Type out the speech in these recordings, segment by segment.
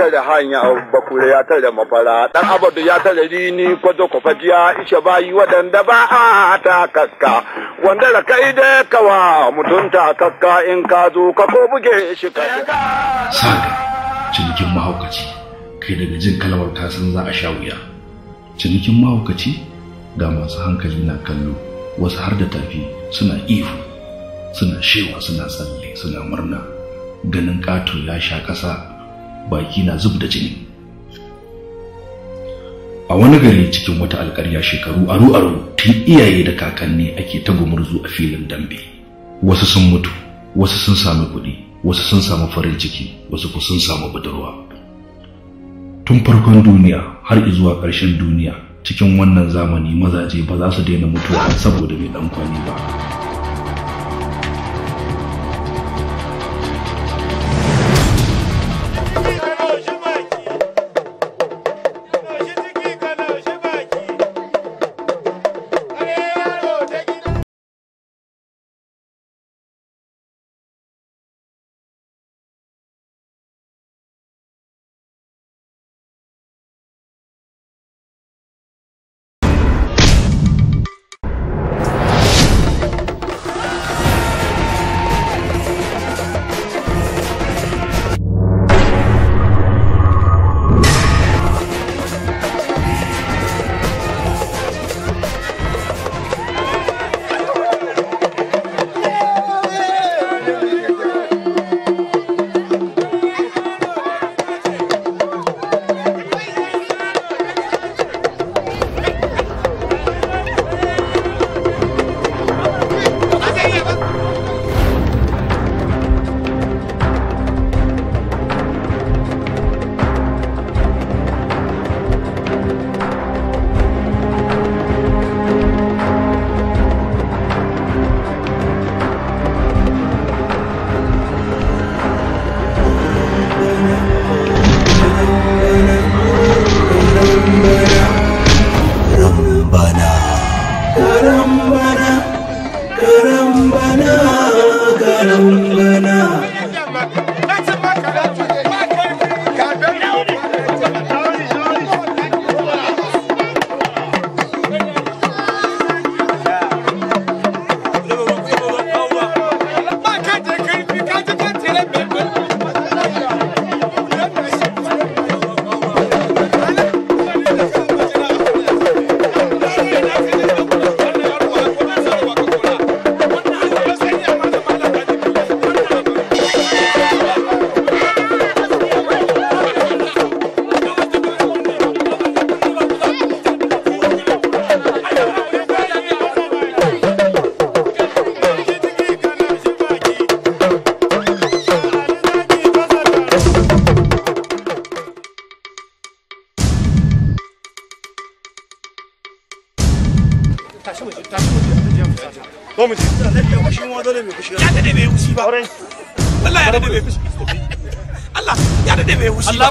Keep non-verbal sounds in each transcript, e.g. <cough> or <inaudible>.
tar da hanya bakure ya tar da mafara dan abadu ya tar da rini kwazo kwafajiya ishe bayi wadanda ba a ta kaska wanda da kai da kawa mutunta kaska in ka zo ka ko buge shi ka saka cinikin mahaukaci kai daga jin kalmar ta san za a sha wuya cinikin mahaukaci ga masu hankali na kallo wasu har da tafi suna ihu suna shewa suna tsalle suna murna ganin ƙato ya sha ƙasa baki na zub da jini a wani gari cikin wata alkarya shekaru aru aru tun iyaye da kakanni ake ta gumurzu a filin dambe wasu sun mutu wasu sun sami kuɗi wasu sun samu farin ciki wasu ku sun samu budurwa tun farkon duniya har zuwa ƙarshen duniya cikin wannan zamani mazaje ba za su daina mutuwa saboda mai ɗan kwani ba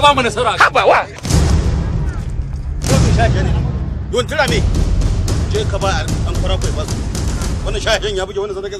ka ba mu nasara haba wa wannan shashen tura me je ka ba an kwara kai ba su wannan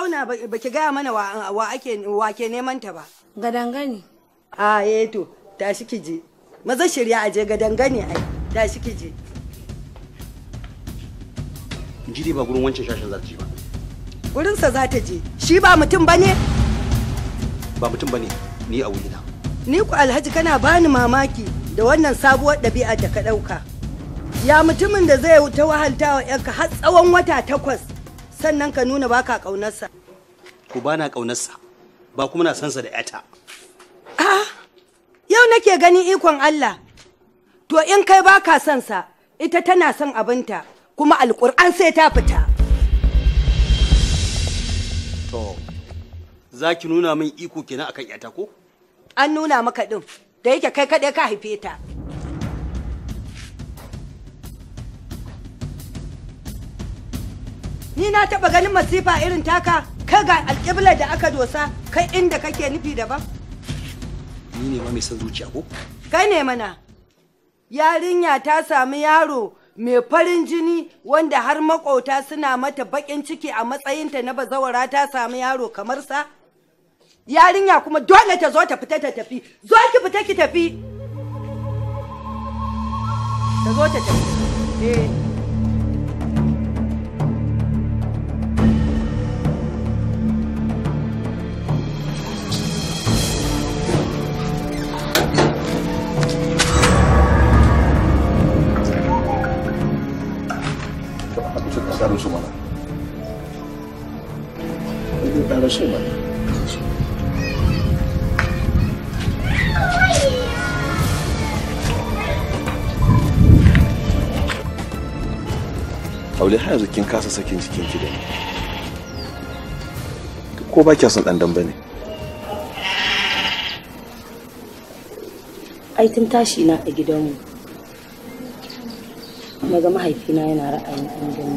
zauna ba ki gaya mana wa ake wa ke neman ta ba. Gadangane. A eh to tashi ki je. Maza shirya a je gadangane ai tashi ki je. Jiri ba gurin wancan shashin za ba. Gurin ba. za ta je. Shi ba mutum ba ne? Ba mutum ba ne ni a wurina. Ni ku Alhaji kana bani mamaki da wannan sabuwar ɗabi'a da ka ɗauka. Ya mutumin da zai ta wahalta wa har tsawon wata takwas sannan ka nuna baka ƙaunarsa. uku bana ƙaunarsa ba kuma na sansa da yata. Ah, yau nake gani ikon Allah. To in kai baka ka son sa, ita tana son abinta, kuma alƙur'an sai ta fita. To, za ki nuna min iko kenan akan yata ko? An nuna maka ɗin, da yake kai kaɗai ka haife ta. Ni na taɓa ganin masifa irin taka. Ka ga alƙiblar da aka dosa kai inda kake nufi daban ni ne ma mai son zuciya ko kai ne mana yarinya ta sami yaro mai farin jini wanda har makota suna mata baƙin ciki a matsayinta na bazawara ta sami yaro kamar sa yarinya kuma dole ta zo ta fita ta tafi zo ki fita ki tafi ta zo ta tafi eh ƙaro su mana aure har yanzu kin kasa sakin jikin ki da ni ko ba kya son dandan bane ai tun tashi na a gidanmu na ga mahaifina yana ra'ayin dandan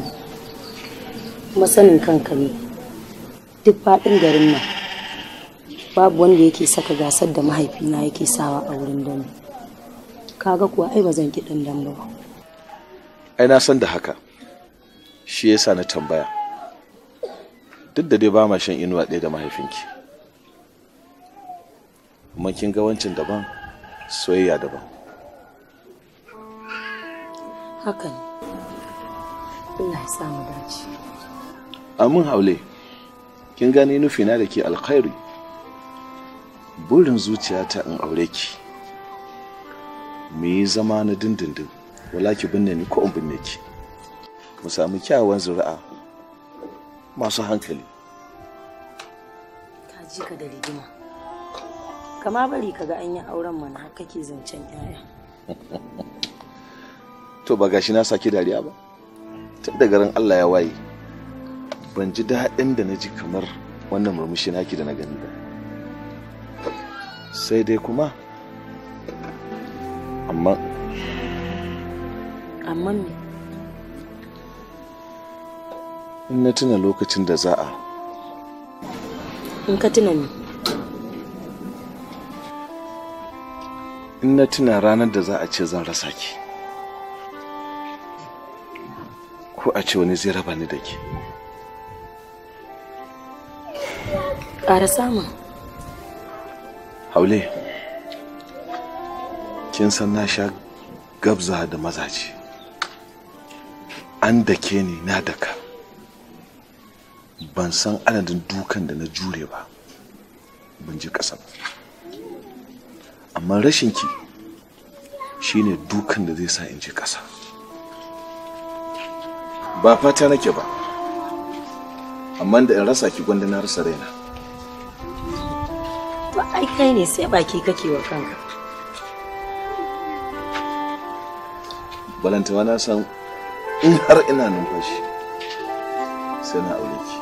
kuma sanin kanka ne duk faɗin garin nan babu wanda yake saka gasar da mahaifina yake sawa a wurin ka kaga kuwa ai ba zan ki ɗan dan ba ai na san da haka shi yasa na tambaya duk da dai ba ma shan inuwa ɗaya da mahaifinki amma kin ga wancan daban soyayya daban haka ne Allah ya samu dace amin haule kin gane nufina da ke alkhairi burin zuciyata in aure ki mu yi zama na dindindin wala ki binne ni ko in binne ki mu samu kyawawan zuri'a masu hankali ka ji ka da rigima kama bari ka ga an yi auren mana har kake zancen yaya <laughs> to ba gashi na saki dariya ba tun da garin allah ya waye ban ji daɗin da na ji kamar wannan murmushi naki da na gani ba sai dai kuma amma amma me in na tuna lokacin da za a in ka tuna ne in na tuna ranar da za a ce zan rasa ki ko a ce wani zai raba ni da ke. ƙara samun haule kin san na sha gabza da mazaje an da ke ni na daka ban san adadin dukan da na jure ba ban ji ƙasa ba amma rashinki ki shine dukan da zai sa in ji ƙasa ba fata nake ba amma da in rasa ki gwanda na rasa raina Ba ai kai ne sai baki kake wa kanka balantawa na san in har ina numfashi sai na aure ki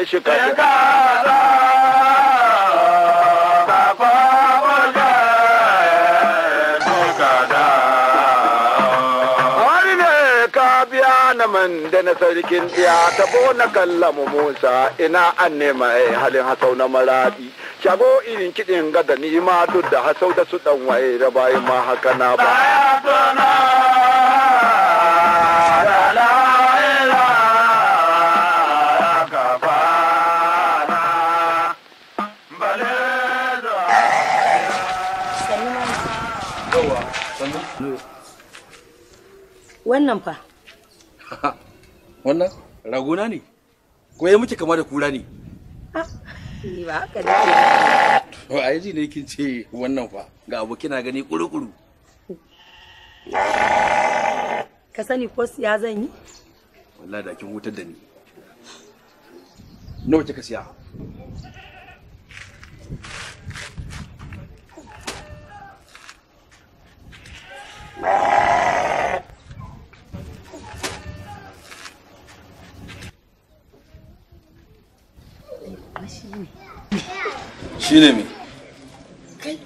da shika man da na sarkin ta bo na kallamu musa ina an nema eh, halin hasau na maraɗi shago irin kiɗin gada ni ma duk da hasau da su ɗan waye da bayan ma haka na ba Wannan fa. <laughs> Wannan raguna ne? Ko ya muke kama da kura ne? Ah, ni ba haka da ke. To ai ji ne kin ce wannan fa ga abu kina gani kurukuru. Ka sani ko siya zan yi? Wallahi da kin hutar da ni. Nawa kika siya? Ah! shine me kai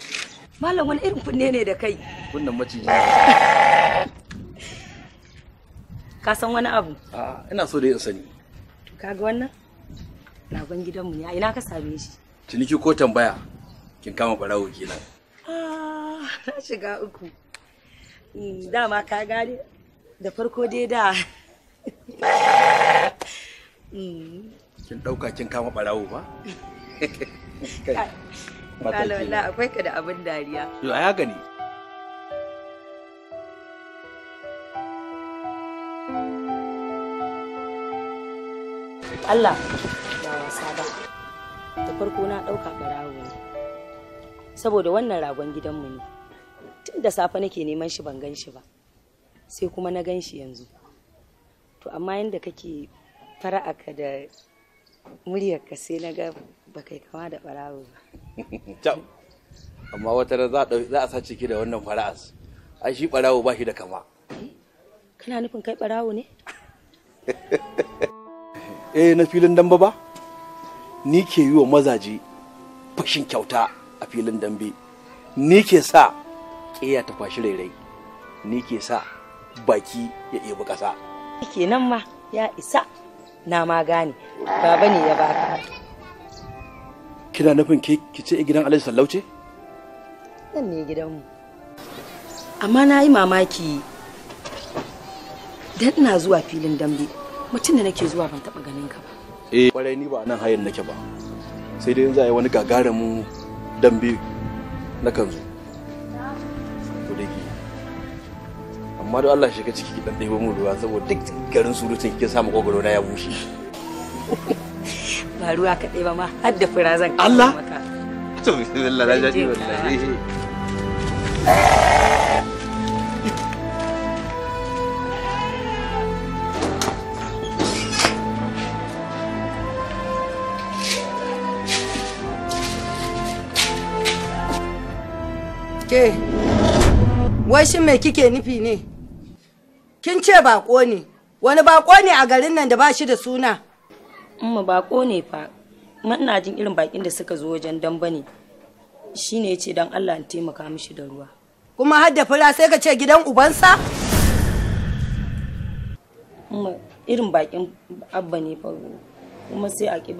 malam wani irin kunne ne da kai kunnen maciji ka san wani abu a ina so da in sani to kaga wannan ragon gidanmu ne a ina ka same shi ciniki ko tambaya kin kama barawo kenan ah, <laughs> na shiga uku hmm, dama ka gane da farko dai da <laughs> hmm. kin ɗauka kin kama barawo ba <laughs> Lalo, la akwai ka da abin dariya. Yo, a gani. Allah ba wasa ba. Da farko na ɗauka ɓarawo ne. Saboda wannan ragon gidanmu ne. Tun da safe nake neman shi ban gan shi ba. Sai kuma na gan shi yanzu. To amma yadda kake fara'aka da muryarka sai na ga ba kai kama da barawo ba <laughs> amma wata za a sace ki da wannan fara'as a shi barawo ba shi da kama kana nufin kai barawo ne <laughs> eh na filin dambe ba ni ke yi wa mazaje fashin kyauta a filin dambe ni ke sa ƙeya ta fashi rairai ni ke sa baki ya ebi ƙasa kenan ma ya isa na ma gane baba ne ya baka kina nufin ke ki ce gidan alhaji sallauce? ce nan ne gidanmu amma na yi mamaki dan ina zuwa filin dambe mutum da nake zuwa ban taba ganin ka ba eh kwarai ni ba nan hayan nake ba sai dai za a yi wani mu dambe na kan zo amma don Allah shiga ciki ki dan ba mu ruwa saboda duk garin surutun kike samu kogoro na ya bushe <laughs> ba ruwa kaɗai ba ma har da fura zan Allah to bismillah na jaji wallahi eh. Ke, wai shin mai kike nufi ne? Kin ce bako ne, wani bako ne a garin nan da ba shi da suna. mu bako ne fa ina jin irin bakin da suka zo wajen dan ne shine yace dan Allah in taimaka mishi da ruwa kuma hadda da sai ka ce gidan ubansa irin bakin abba ne fa kuma sai a ki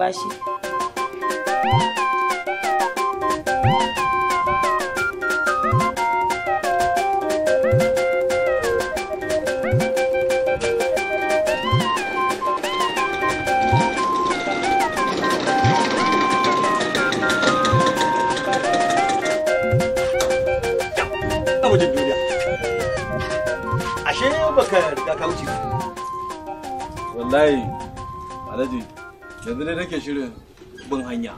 wallahi alhaji yanzu ne nake shirin bin hanya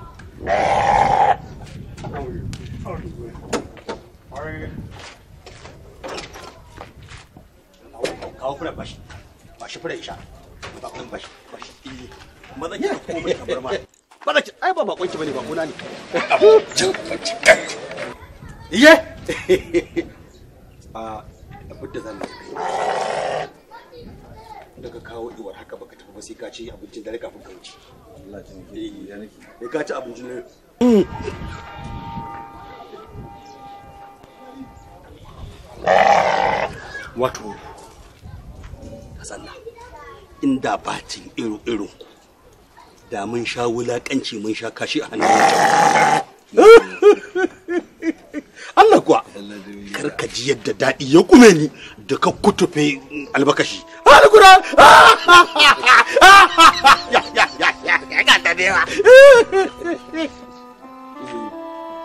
kawo fura bashi bashi fura isha ba kun bashi bashi maza ki ko kamar ma ai ba bakon ki bane ba kuna ne <laughs> <laughs> ah, a abudda zan da ka kawo iwar haka baka tafi ba sai ka ci abincin dare kafin ka wuce Allah ya ne eh, ka ci abincin dare wato kasalla inda batin irin irin da mun sha wulakanci mun sha kashi a hannun Allah kuwa karka ji yadda daɗi ya kume ni da ka kutufe albakashi alkuran ya ga dadewa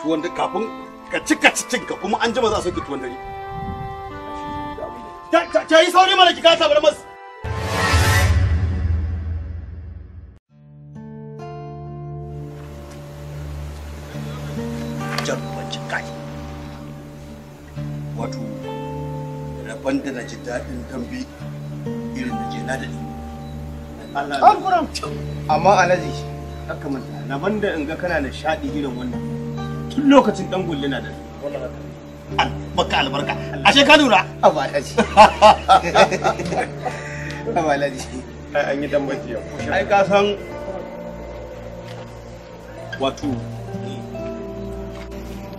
tuwon da kafin ka ci-ka ci ka kuma an jima za su soke tuwon dare ta yi sauri mana ki kasa bar masu jarumacin kai wato rabon da na ji daɗin tambi. na daɗi. Allah kuram. Amma alaji haka manta rabon da in ga kana da irin wannan tun lokacin ɗan gulle na albarka. Ashe ka lura. alaji. <laughs> alaji. Ai an yi dan Ai ka san wato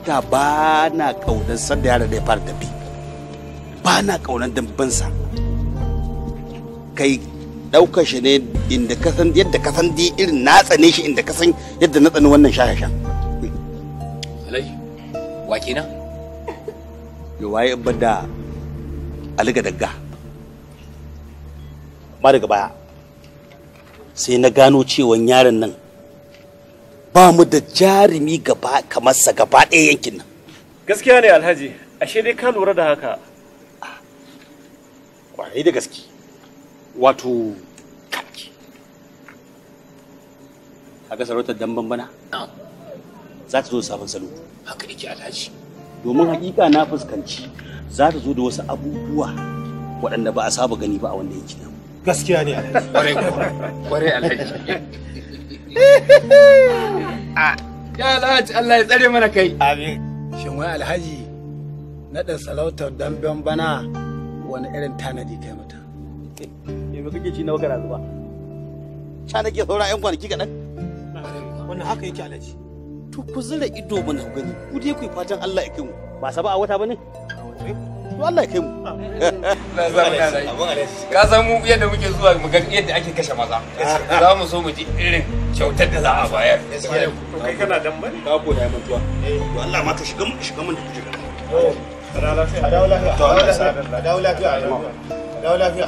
da ba na ƙaunar sanda da ya fara tafi ba na ƙaunar dambansa kai ɗaukar shi ne inda ka san yadda ka san di irin na tsane shi inda ka san yadda na tsani wannan sha Alai, wa kenan? Yo waye in banda aliga dagga. Ba daga baya. Sai na gano cewa yaron nan ba mu da jarumi gaba kamar sa gaba ɗaya yankin nan. Gaskiya ne Alhaji, ashe dai ka lura da haka. Kwarai da gaskiya wato kaki haka sarautar dan bambana za ta zo da sabon salo haka yake alhaji domin hakika na fuskanci za ta zo da wasu abubuwa waɗanda ba a saba gani ba a wanda yake nan gaskiya ne alhaji kwarai alhaji <laughs> ah, ya alhaji Allah ya tsare mana kai amin shin wai alhaji naɗin salautar damben bana wani irin tanadi kai mata ba kake ci na bakar ba ca nake saura yan kwanaki kaɗan wannan haka yake alaji to ku zura ido mana ku gani ku dai ku fatan Allah ya kai mu ba sa ba a wata bane to Allah ya kai mu na ka san mu yadda muke zuwa mu ga yadda ake kashe maza za mu so mu ji irin kyautar da za a bayar to kai kana dan bane ka ko da mutuwa to Allah ma ka shiga shiga mun da kujira a dawo lafiya a dawo lafiya a dawo lafiya dawo lafiya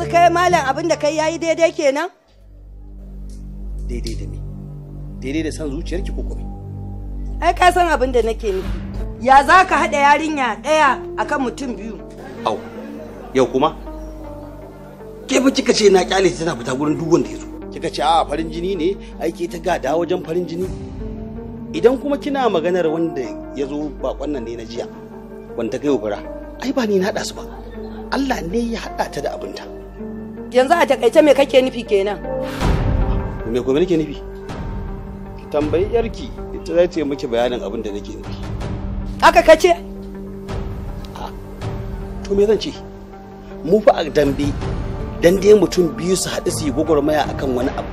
yanzu kai malam abin da kai yayi daidai kenan daidai da me daidai da san zuciyarki ko kuma ai ka san abin da nake nufi ya za ka haɗa yarinya ɗaya akan mutum biyu au yau kuma ke fa kika ce na kyale tana fita gurin duk wanda ya zo kika ce a farin jini ne aiki ta gada wajen farin jini idan kuma kina maganar wanda ya zo bakon nan ne na jiya wanda ta kai fura ai ba ni na haɗa su ba Allah ne ya haɗa ta da abinta. yanzu a takaice me kake nufi kenan me gobe nake nufi tambayi yarki ita za ta yi miki bayanin abin da nake nufi haka kace to me zan ce mu fa a dambe dan dai mutum biyu su haɗu su yi gwagwarmaya akan wani abu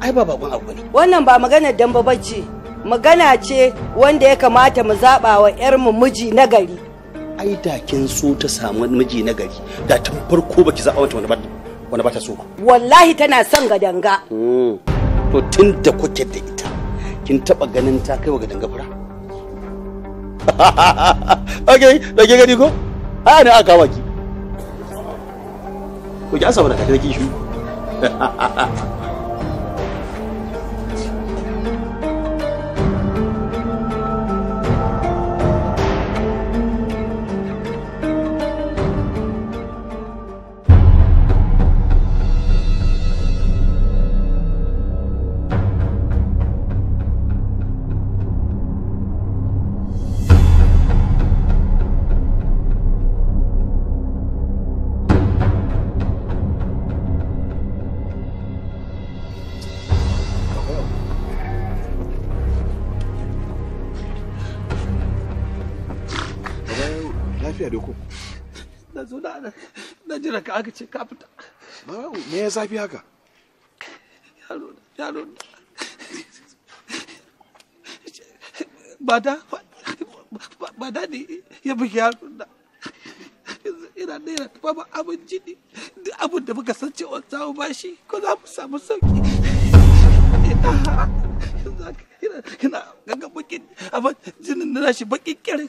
ai ba bakon abu ne wannan ba maganar damba bacci magana ce wanda ya kamata mu zaɓa wa 'yarmu miji na gari ai da kin so ta samu miji na gari da tun farko baki zaɓa wata wani ba wani ba ta so ba wallahi tana son gadanga hmm. to tun da kuke da ita kin taba ganin ta kai wa gadanga fura <laughs> okay da ke gani ko a ne aka waki Ko ki asa ba da kake shi jira ka aka ce ka fita me ya zafi haka yaro yaro ba da ba da ne ya bi yaro da ina da yana ba abin jini duk abin da muka san cewa za mu bashi ko za mu samu sauki ina ina gaggabakin abin jinin na shi bakin kere.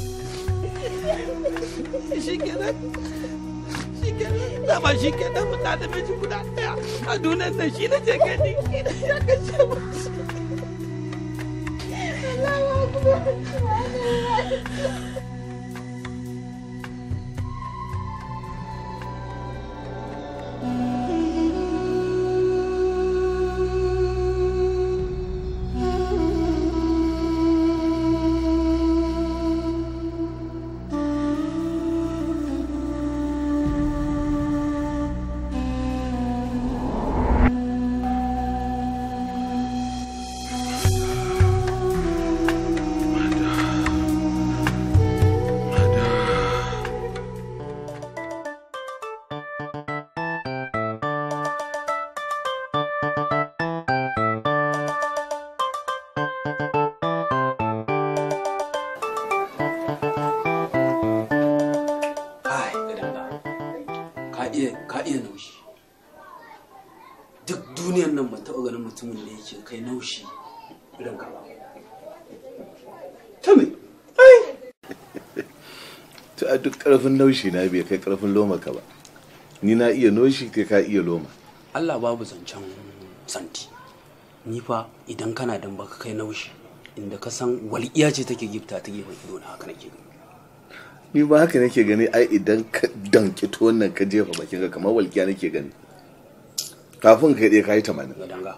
shi kenan shi kenan dama shi kenan da guda daya a duniyar nan shi na je gani ya mu Allah kuma duk karfin naushi na bai kai karfin loma ka ba ni na iya noshi kai ka iya loma Allah babu zancen santi ni fa idan kana dan baka kai naushi inda ka san wal'iya ce take gifta ta gefen ido na haka nake ni ba haka nake gani ai idan ka danki to wannan ka jefa bakin ka kamar walƙiya nake gani kafin ka dai kai tamanin danga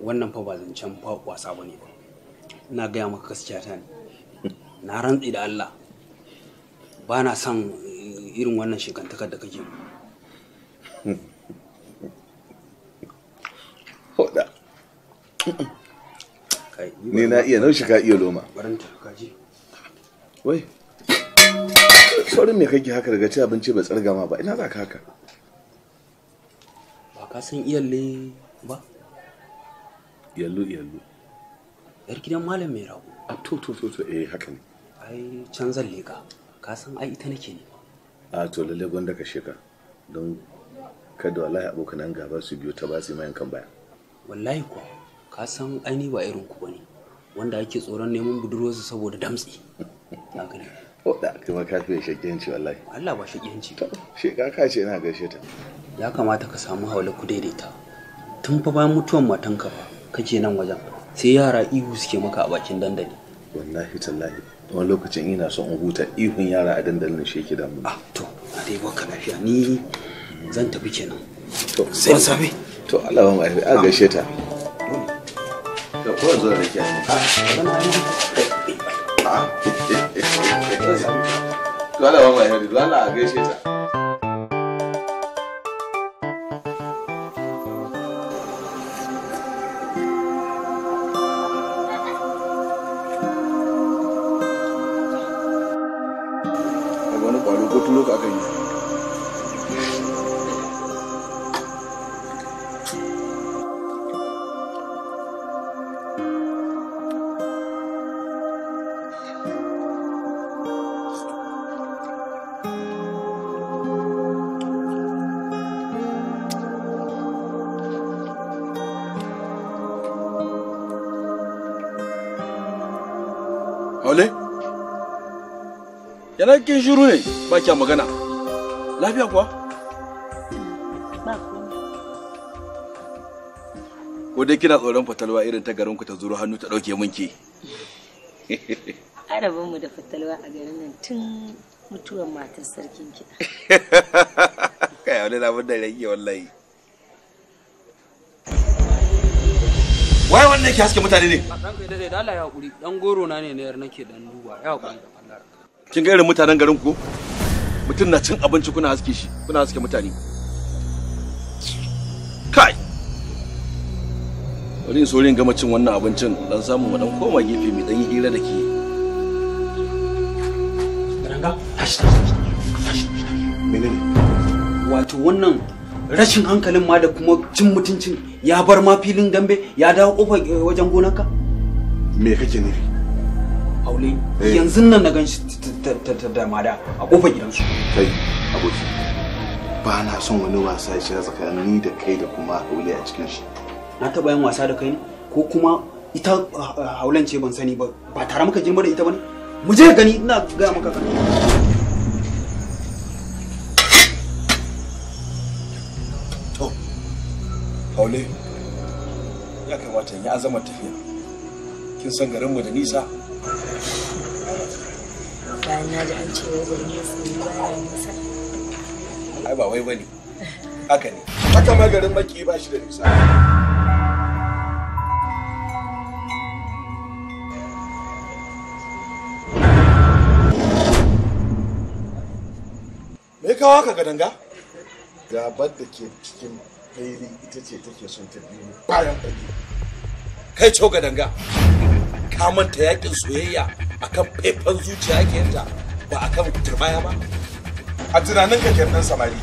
wannan fa ba zancen wasa bane ba ina gaya maka gaskiya ta ne na rantsi da Allah ba na son irin wannan shekantakar da kake hoda ni na iya shi ka iya loma wai saurin me kake haka daga ci abinci ba tsarga ma ba ina za ka haka ba ka san iyalle ba iyallu iyallu yar gidan malam mai rago ah, to to to eh haka ne ai can zan leka ka san ai ita nake ne a to lalle gwanda ka sheka don kada wallahi nan gaba su biyo ta batsi mai kan baya wallahi ko ka san ni ba irin ku bane wanda ake tsoron neman budurwarsa saboda damtsi na gani ko da kuma ka fiye shakiyanci wallahi Allah ba shakiyanci to sheka ka ce na gaishe ta ya kamata ka samu haula ku daidaita tun fa bayan mutuwan matanka fa kake nan wajen sai yara ihu suke maka a bakin dandali wallahi tallahi wani lokacin ina son in huta ihun yara a dandalin shi yake damu ah to a dai baka lafiya ni zan tafi kenan to sai na safe to Allah ba mu aiwe a gaishe ta da kowa zuwa da ke a ah. <laughs> to Allah ba mu aiwe Allah a gaishe ta Aule? Yana kin shiru ne ba kya magana. Lafiya kuwa? Ba Ko dai kina tsoron fatalwa irin ta garin ku ta zuru hannu ta dauke minki. <laughs> rabon mu da fatalwa a garin nan tun mutuwar matar sarkin kiɗa. <laughs> Kai wani na mun da rage wallahi. wai wannan yake haske mutane ne dan goro na ne nake dan duba ya hakuri da kin ga irin mutanen garin ku mutum na cin abinci kuna haske shi kuna haske mutane kai bari in sorin gama cin wannan abincin dan samu mu dan koma gefe mai dan yi hira da ke menene wato wannan rashin hankalin ma da kuma cin mutuncin ya bar ma filin dambe ya dawo kofar eh, wajen gonarka me kake nufi Aule, eh. yanzu nan na gan shi da mada a kofar gidansu kai aboki ba na son wani wasa ya shiga tsakanin ni da kai da kuma Aule a cikin shi na taɓa yin wasa da kai ne ko kuma ita haulan ah, ce ban sani ba ba tare maka girma da ita ba ne mu je gani ina gaya maka kan haule ya kamata ya azama tafiya kin san mu da nisa bayan na ji an ce wai nisa ai ba wai bane haka ne haka ma garin maki ba shi da nisa me kawo ka ga gabar da ke cikin alkhairi ita ce take son ta biyu bayan fage kai ga danga ka manta yakin soyayya akan faifan zuciya ke yanta ba akan turbaya ba a tunanin ka kenan samari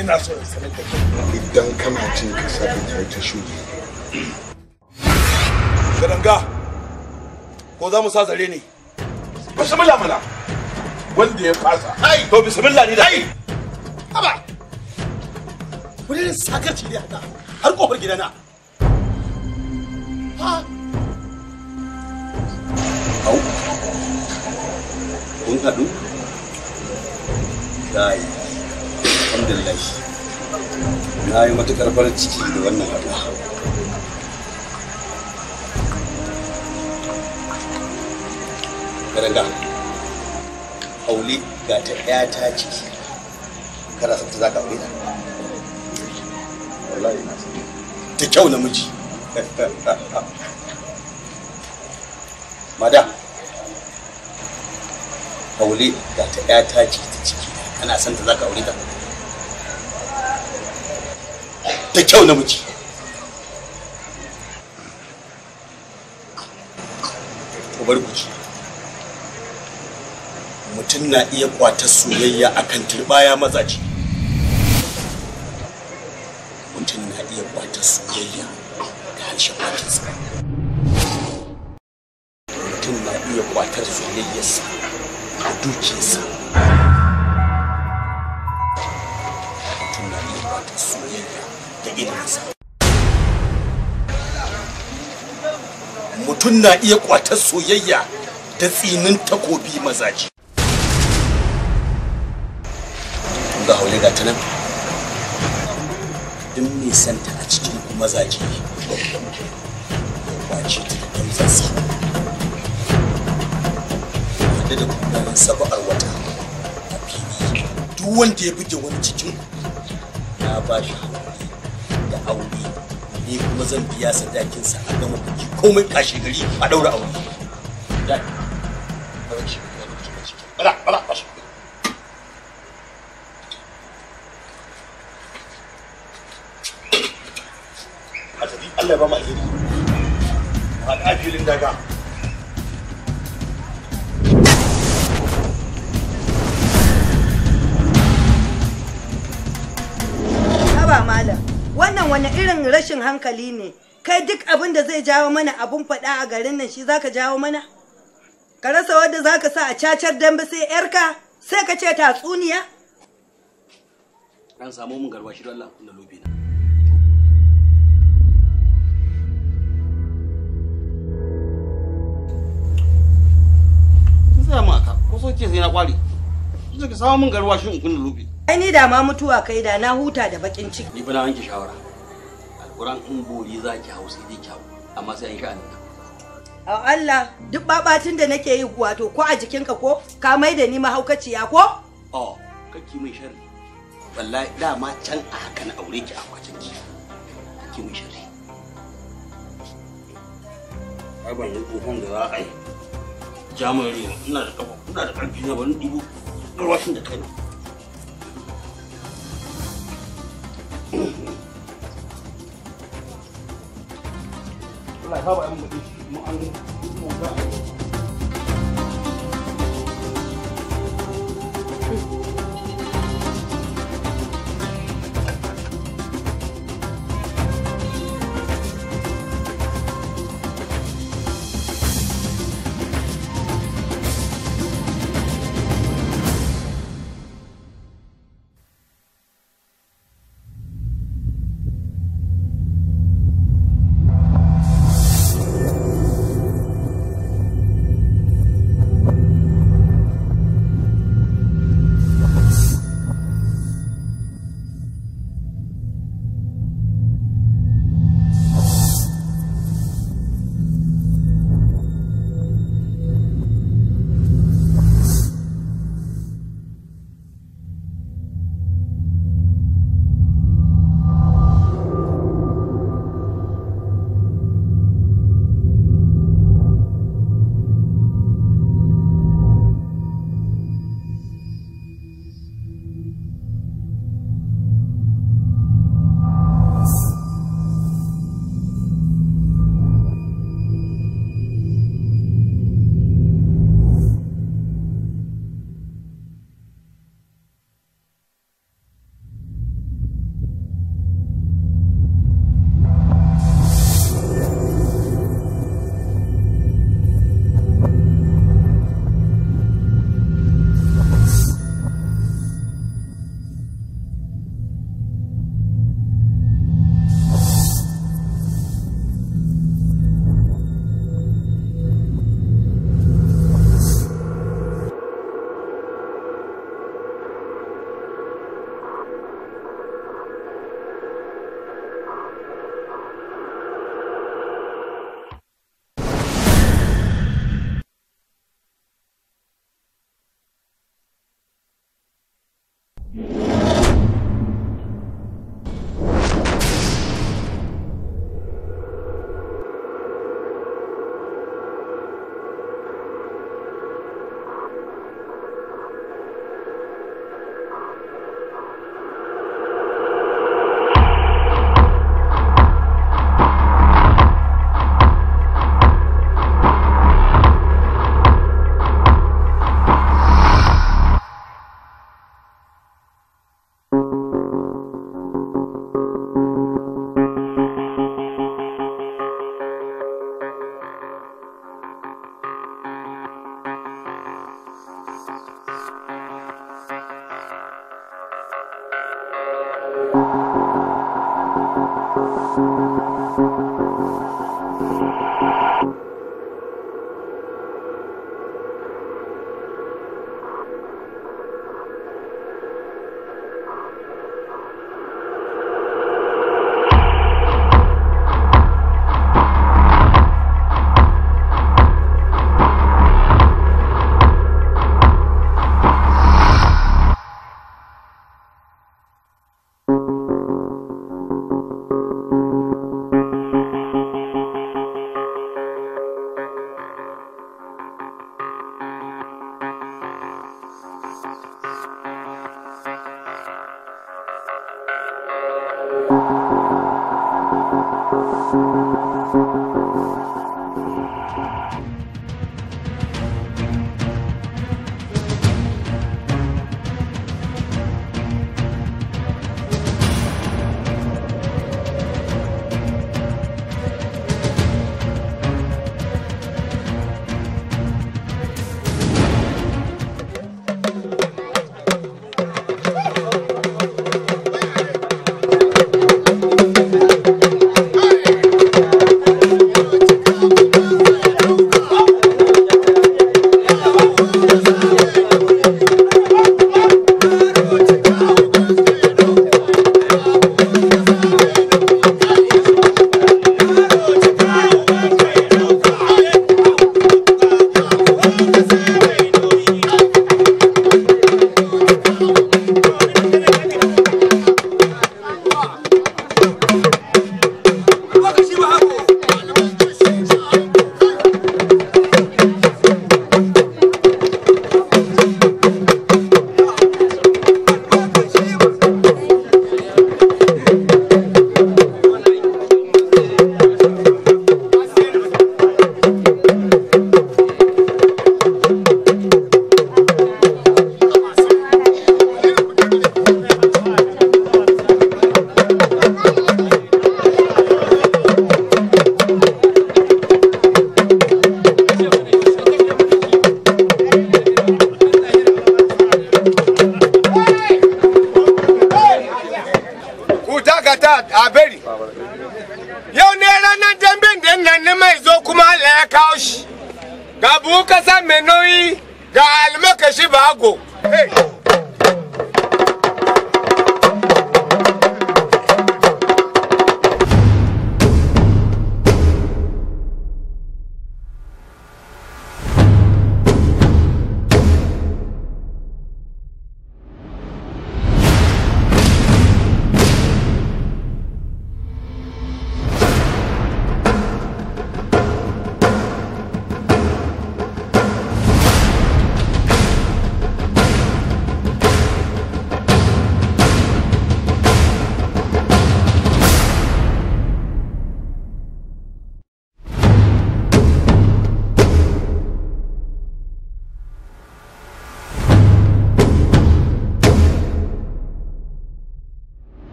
ina so in sanar da kai idan kana cin kasa da kai ta shuɗi danga ko za mu sa zare ne bismillah mala wanda ya fasa ai to bismillah ni da ai wurin sakarci ne haka har kofar gidana ha au kun haɗu kai alhamdulillah na yi matuƙar farin ciki da wannan haɗuwa karanga aure ga ta ɗaya ta ciki kana sabta za ka aure ta wallahi na san ta kyau namiji madam aure ga ta ƴata ce ta ciki kana san ta zaka aure ta ta kyau namiji ku bar guji mutum na iya kwatar soyayya akan turbaya mazaje mutum na iya kwata soyayya da harshen bakinsa mutum na iya kwata soyayyarsa da dukiyarsa mutum na iya kwata soyayya da idansa mutum na iya kwata soyayya da tsinin takobi mazaji ga haule ga ta nan duk mai santa a cikin kuma zaki ce ta da damsarsa wadda da kudanan saba'ar wata a fili duk wanda ya buge wani cikin na ba shi da aure ne kuma zan biya sadakinsa a gama kuki komai kashe gari a daura aure. ba filin haba malam wannan wani irin rashin hankali ne kai duk abin da zai jawo mana abun faɗa a garin nan shi zaka jawo mana ka rasa wadda zaka sa a cacar dambe sai yarka sai ka ce tatsuniya an samu mun garba shi don Allah na lobe tsaya mun aka ko so ce sai na kware kije ki samu mun garwa shi in kunna rufe ai ni da ma mutuwa kai da na huta da bakin ciki ni fa na wanke shawara alquran in bori zaki hau sai dai kyau amma sai an sha annabi a Allah duk babacin da nake yi wato ko a jikinka ko ka mai da ni mahaukaciya ko oh kake mai sharri wallahi dama can a haka na aure ki a kwakin ki kake mai sharri ai ban yi kofan da za a yi jami'ar yau ina da kafa ina da karfi na bari dubu garwashin da kai Allah ya yan mu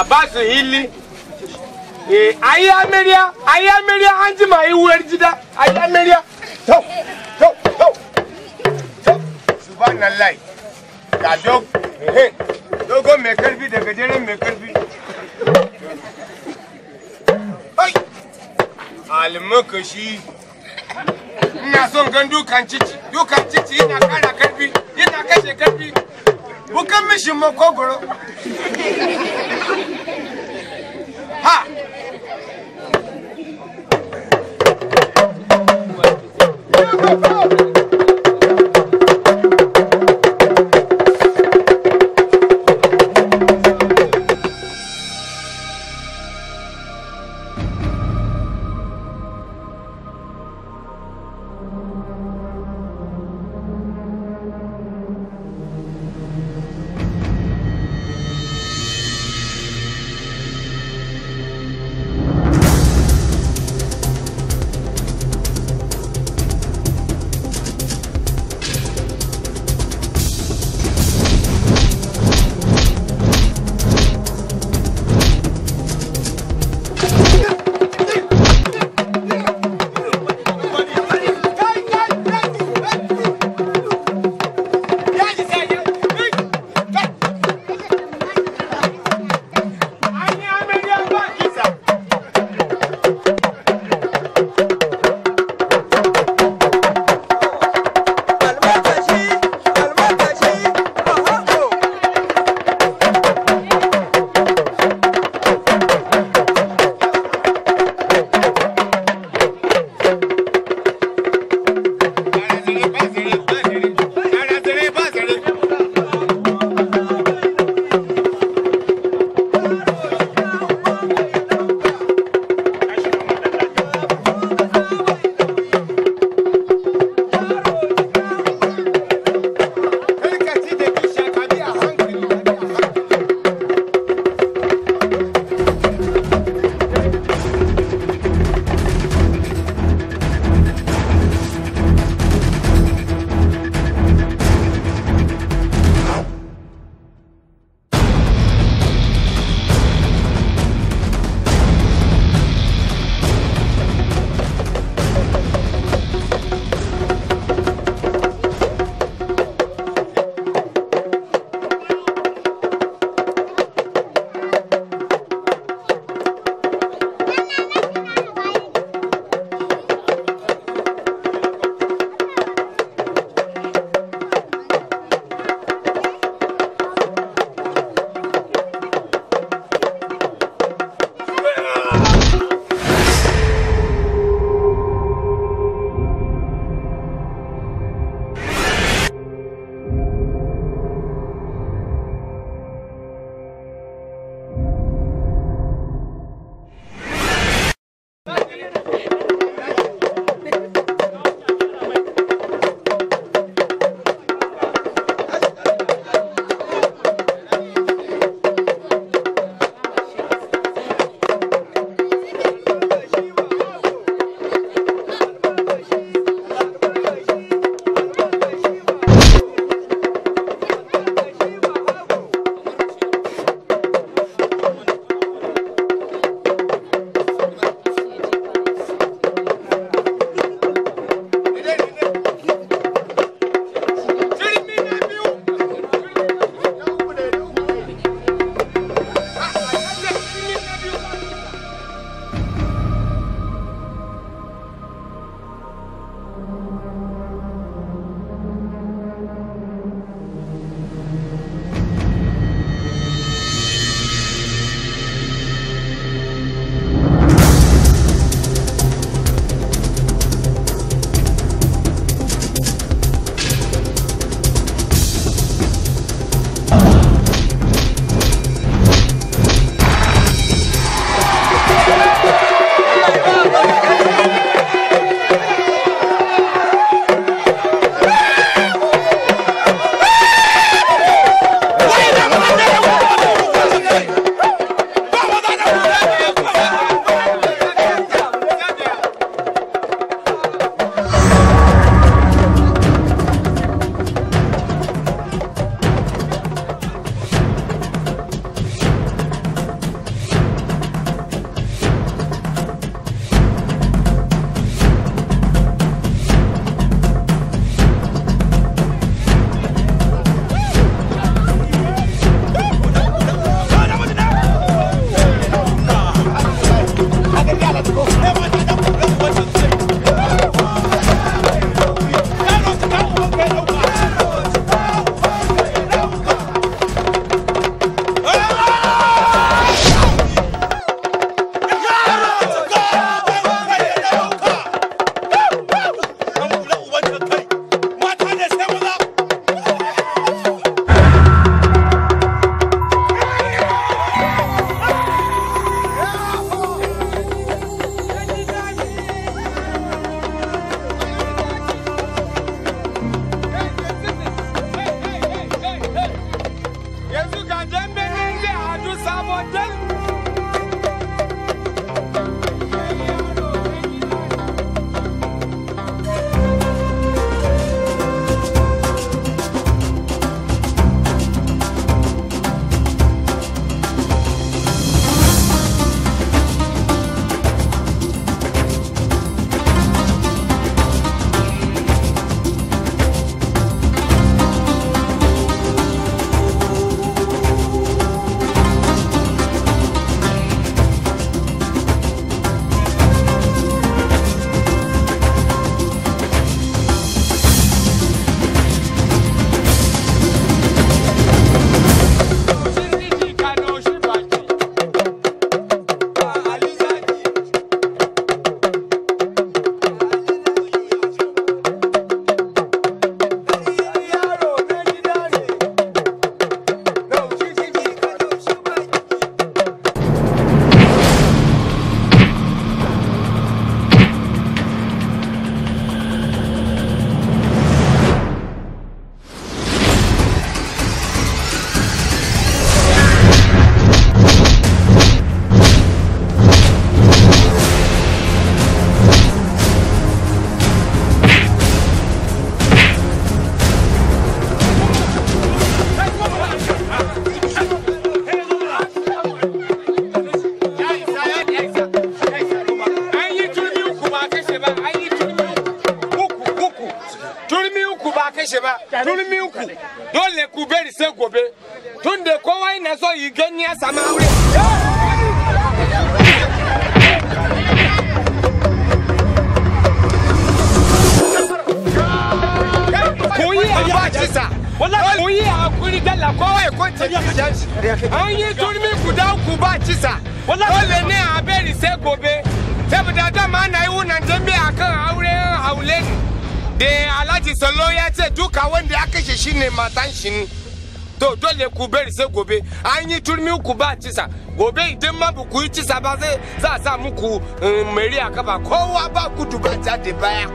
Abbas hili eh ayi amiriya ayi amiriya an ma ayi wurar gida ayi amiriya to to to to subhanallah ga dog dogon mai karfi daga gajeren mai karfi almakashi ina son gan dukan cici dukan cici ina kara karfi ina kashe karfi bukan mishi makogoro ha Thank bari sai gobe an yi turmi ku ba cisa gobe idan ma ba ku yi cisa ba zai za sa muku mari a kafa kowa ba gudu ba da baya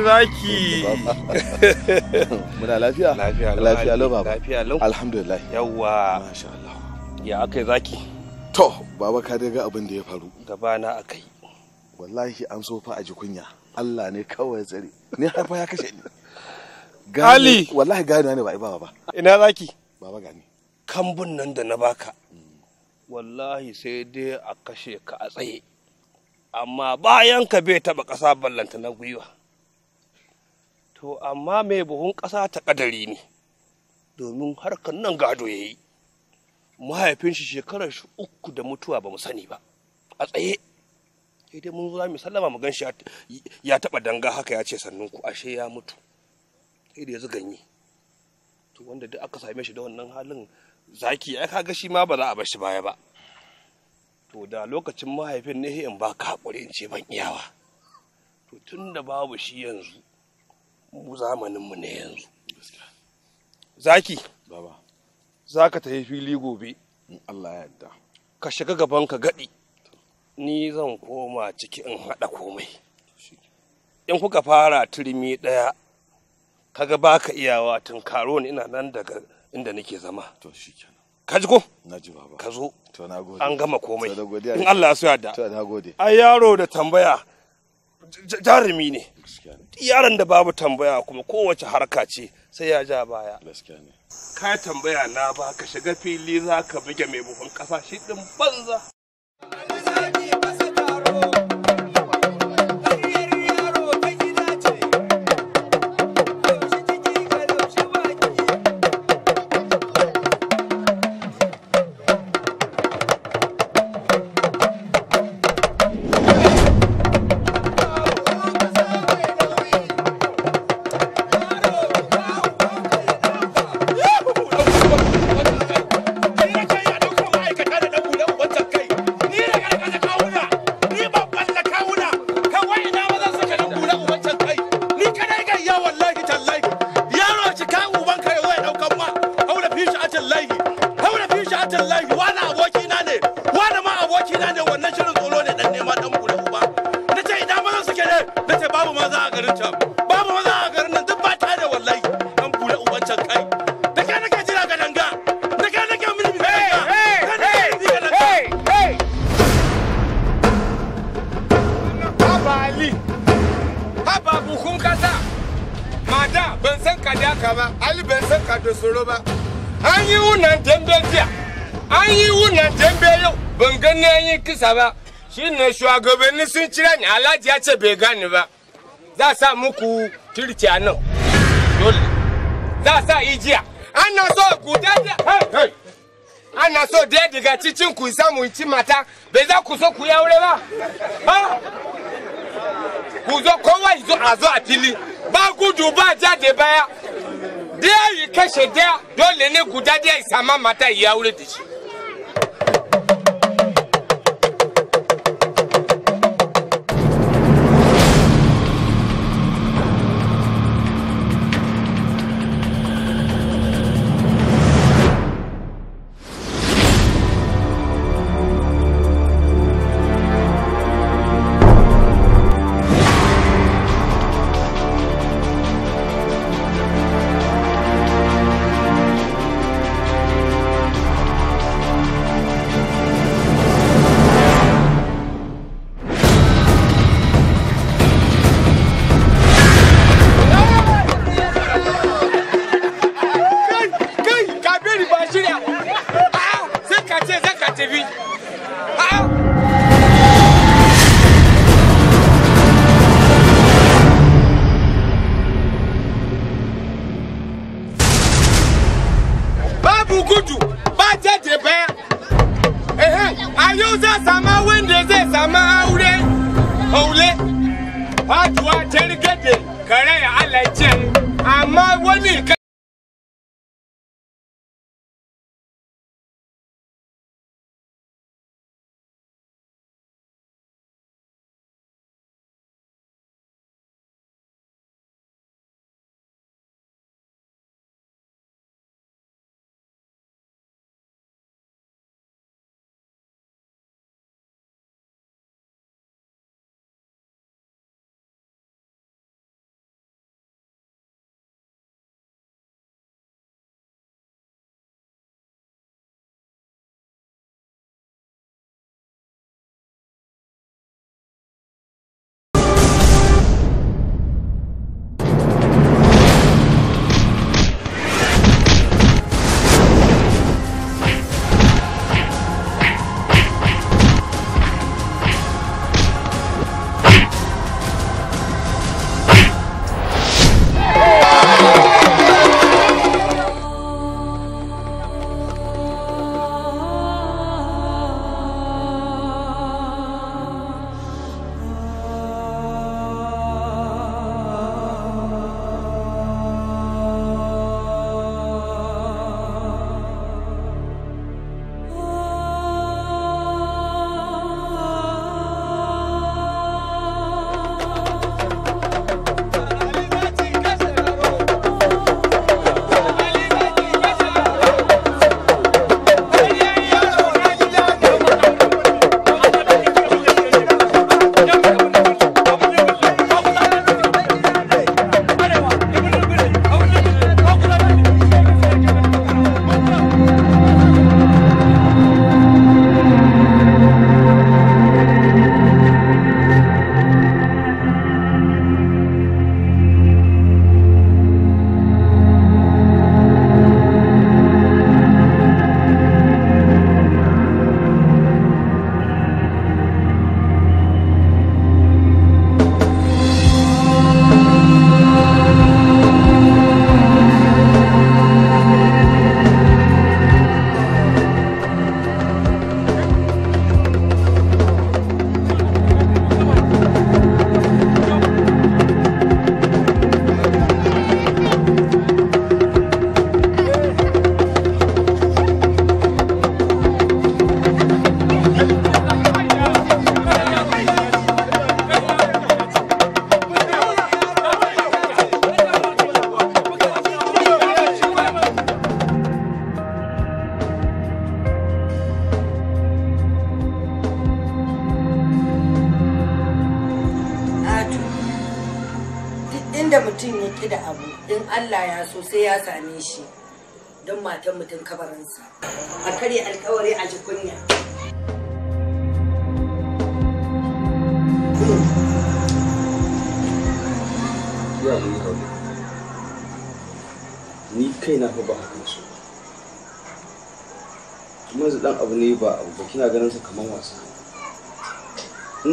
ne ki <laughs> muna lafiya lafiya lafiya lau baba lafiya lau alhamdulillah yawa masha Allah ya akai zaki to baba ka daga abin da ya faru gaba na akai wallahi an so fa a ji kunya Allah ne kawai tsare ni har fa ya kashe ni gali wallahi gani ne ba ba baba ina zaki baba gani kambun nan da na baka wallahi sai dai a kashe ka a tsaye amma bayan ka bai taba ƙasa ballanta na gwiwa to amma mai buhun ƙasa ta ƙadari ne domin harkar nan gado ya yi mahaifin shi shekarar shi uku da mutuwa ba mu sani ba a tsaye ya dai mun zo za mu sallama mu gan shi ya taɓa danga haka ya ce sannan ku ashe ya mutu sai da ya ganye to wanda duk aka same shi da wannan halin zaki ya kaga shi ma ba za a bar shi baya ba to da lokacin mahaifin ne in ba ka haƙuri in ce ban iyawa to tun da babu shi yanzu zamaninmu ne yanzu zaki za ka tafi fili gobe allah yadda ka shiga gaban ka gaɗi ni zan koma ciki in haɗa komai in kuka fara turmi ɗaya kaga ba ka iyawa tun karo ni ina nan daga inda nake zama to shi ka ji ko na ji baba ka zo to na gode an gama komai in Allah ya so to na gode ai yaro da tambaya jarumi ne yaran da babu tambaya kuma kowace harka ce sai ya ja baya ka tambaya na ba ka shiga fili za ka buge mai buhun kasa shi din banza siyasa ba shine shugabanni sun cire ni alhaji ya ce bai gane ba za sa muku tirci a nan dole za sa ijiya ana so guda da ana so da daga cikin ku samu ci mata bai za ku so ku yi aure ba ku zo kowa zo a zo a fili ba gudu ba jade baya daya yi kashe daya dole ne guda daya sama mata ya aure da shi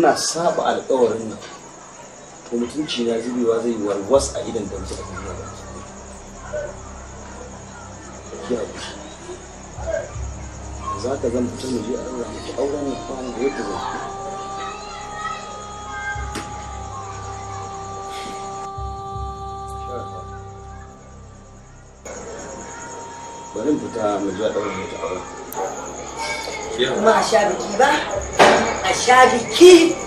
ina saba alkawarin nan to mutunci na zubewa zai yi warwas a idan da mutu a duniya ba ki haƙuri za ka zan mutum mu je a ɗaura miki auren na kwana da yadda zai bari fita mu je a ɗaura miki auren. Kuma a sha biki ba? A sha biki!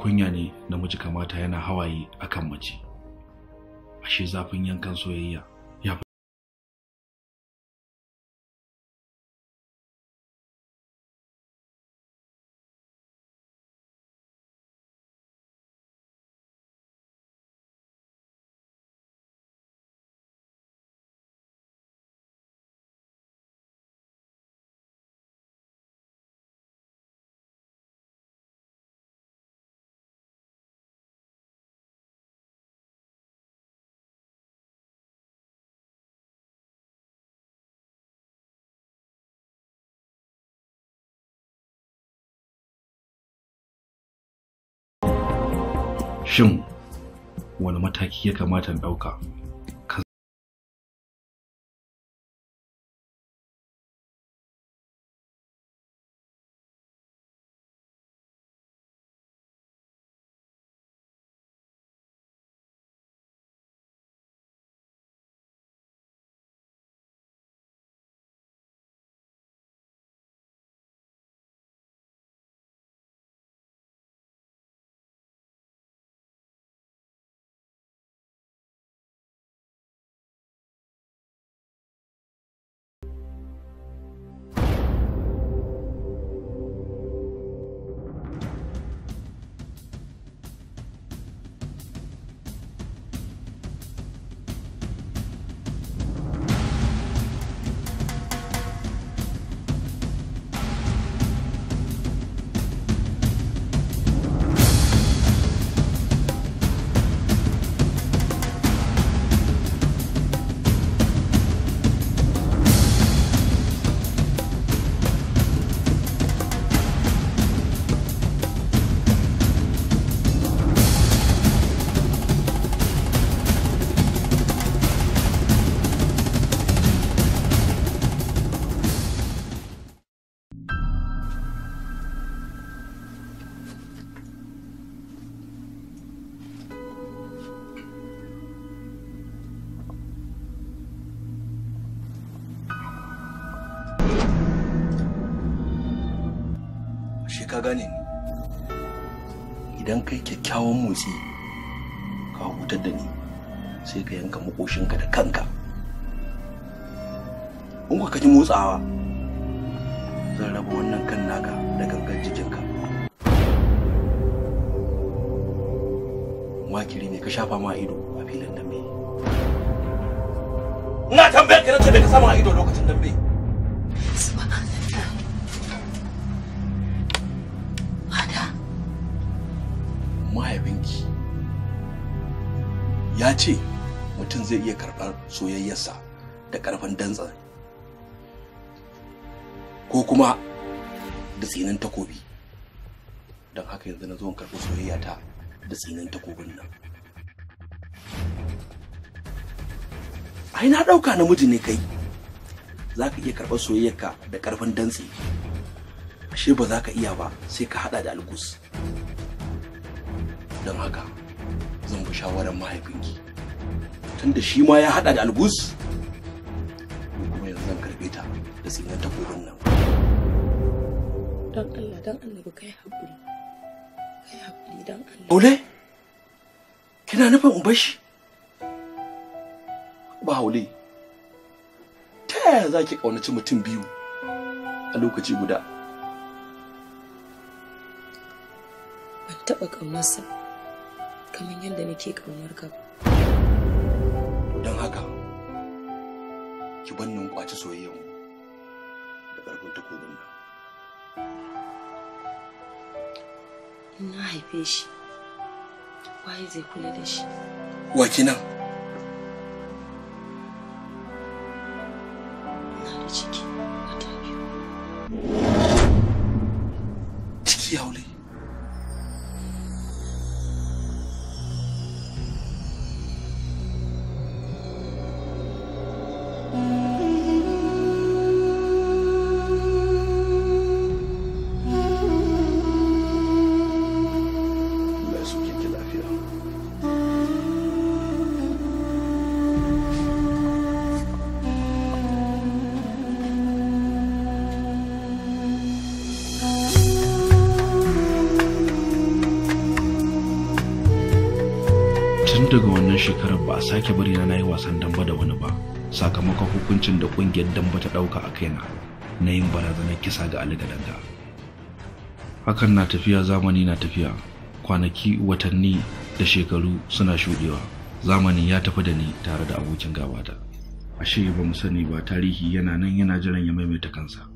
kunya ne namiji kamata yana hawaye akan mace ashe zafin yankan soyayya shin wani mataki ya kamata in ɗauka kyakkyawan motsi ka hutar da ni sai ka yanka makoshinka da kanka in ka ji motsawa zan raba wannan kan naka da gangan jikinka makiri ne ka shafa ma ido a filin dambe ina tambayar ka da me ka sama ido lokacin dambe ya ce mutum zai iya karɓar soyayyarsa da ƙarfin dantsa ko kuma da tsinin takobi don haka yanzu na zo in karɓi soyayya ta da tsinin takobin nan ai na ɗauka namiji ne kai za ka iya karɓar soyayyarka da ƙarfin dantse ashe ba za ka iya ba sai ka haɗa da algus don haka zan bi shawarar mahaifinki tunda shi ma ya hada da algus kuma yanzu zan karbe ta da tsinan takobin nan dan Allah dan annabi kai hakuri kai hakuri dan Allah Ole kina nufin in bashi ba haule ta yaya za ki kaunaci mutum biyu a lokaci guda ban taɓa ƙaunarsa kamar yadda nake kaunar ka don haka ki bannin kwaci mu da ƙarfin takobin nan na haife shi waye zai kula da shi wa nan. hukuncin da ƙungiyar damba ta ɗauka a kaina na yin barazanar kisa ga Ali Gadanga. Hakan na tafiya zamani na tafiya, kwanaki watanni da shekaru suna shuɗewa, Zamani ya tafi da ni tare da abokin gabata. Ashe ba mu sani ba tarihi yana nan yana jiran ya maimaita kansa.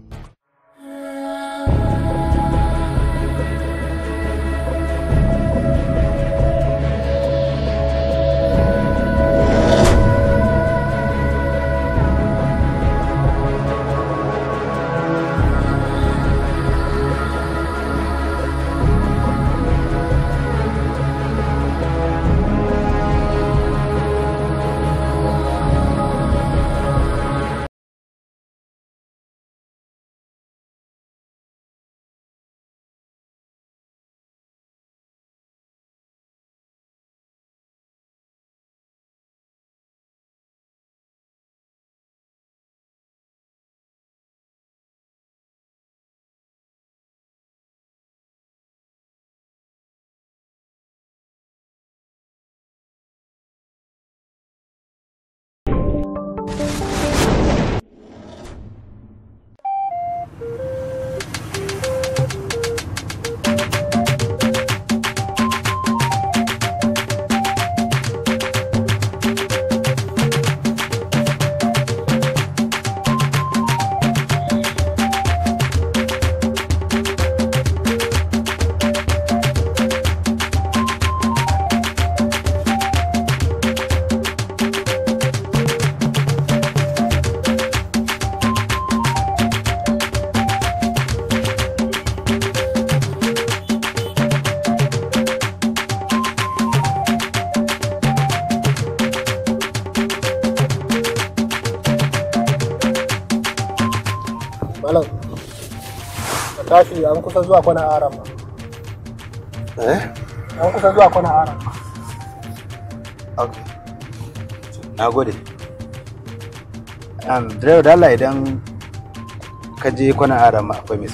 an kusa zuwa kwana eh an kusa zuwa kwana na gode da idan ka je kwana akwai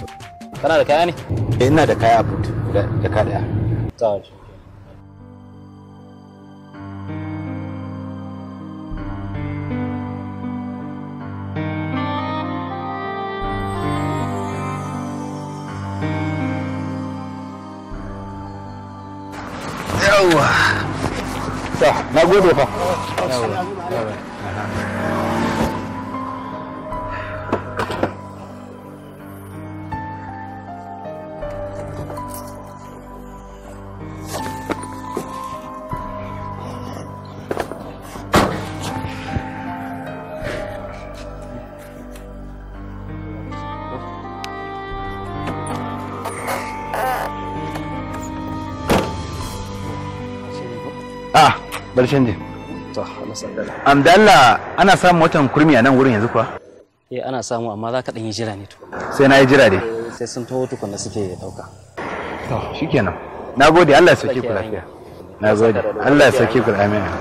kana da kaya ne eh, ina da kaya a da kaya daya na gode fa bar canjin Amdalla ana samun watan kurmi a nan wurin yanzu kuwa? Eh ana samu amma za ka yi jira ne to. Sai na yi jira dai. Eh, sai sun taho tukunna suke dauka To shikenan. Na gode Allah ya sauke ku lafiya. Na gode Allah ya sauke ku amina.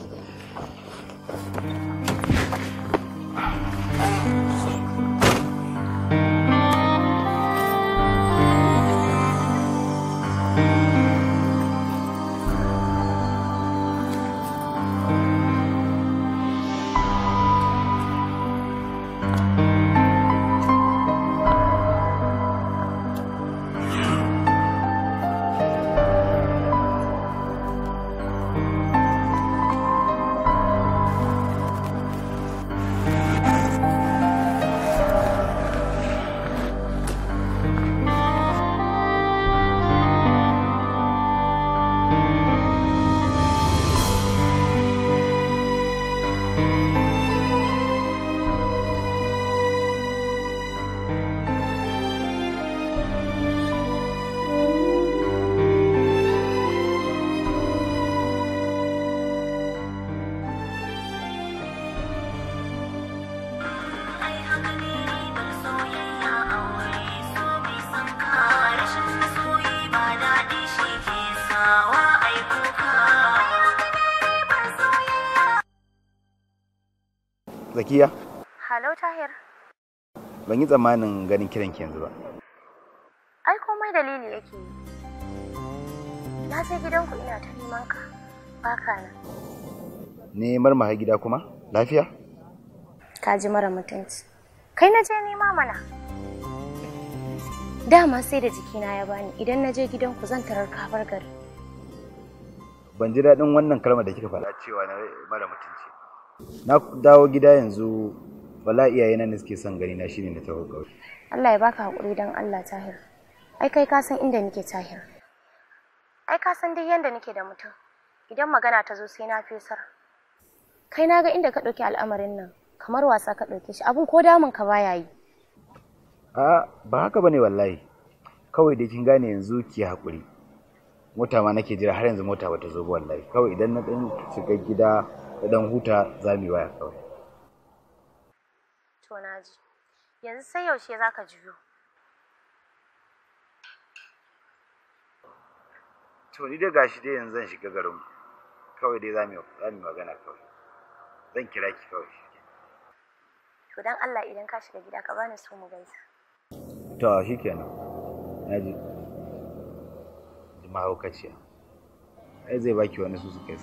ban yi tsammanin ganin kiran ki yanzu ba ai komai dalili yake na sai gidanku ina ta neman ka ba ka nan ne marmara gida kuma lafiya ka ji mara mutunci kai na je nema mana dama sai da jikina ya bani idan na je gidanku zan tarar kafar gari ban ji daɗin wannan kalmar da kika faɗa cewa na mara mutunci na dawo gida yanzu wala iyaye ne suke son gani na shine na taho kauye Allah ya baka hakuri dan Allah tahir ai kai ka san inda nake tahir ai ka san dai yanda nake da mutum idan magana ta zo sai na fesar kai na ga inda ka ɗauki al'amarin nan kamar wasa ka ɗauke shi abin ko damun ka baya yi a ba haka bane wallahi kawai da kin gane yanzu ki hakuri mota ma nake jira har yanzu mota bata zo ba wallahi kawai idan na dan shiga gida da dan huta za mu yi waya kawai to na ji yanzu sai yaushe za ka juyo to ni da gashi dai yanzu zan shiga garin kawai dai za mu yi magana kawai zan kira ki kawai to dan Allah idan ka shiga gida ka bani so mu gaisa to shikenan naji mahaukaciya ai zai baki wani su su kai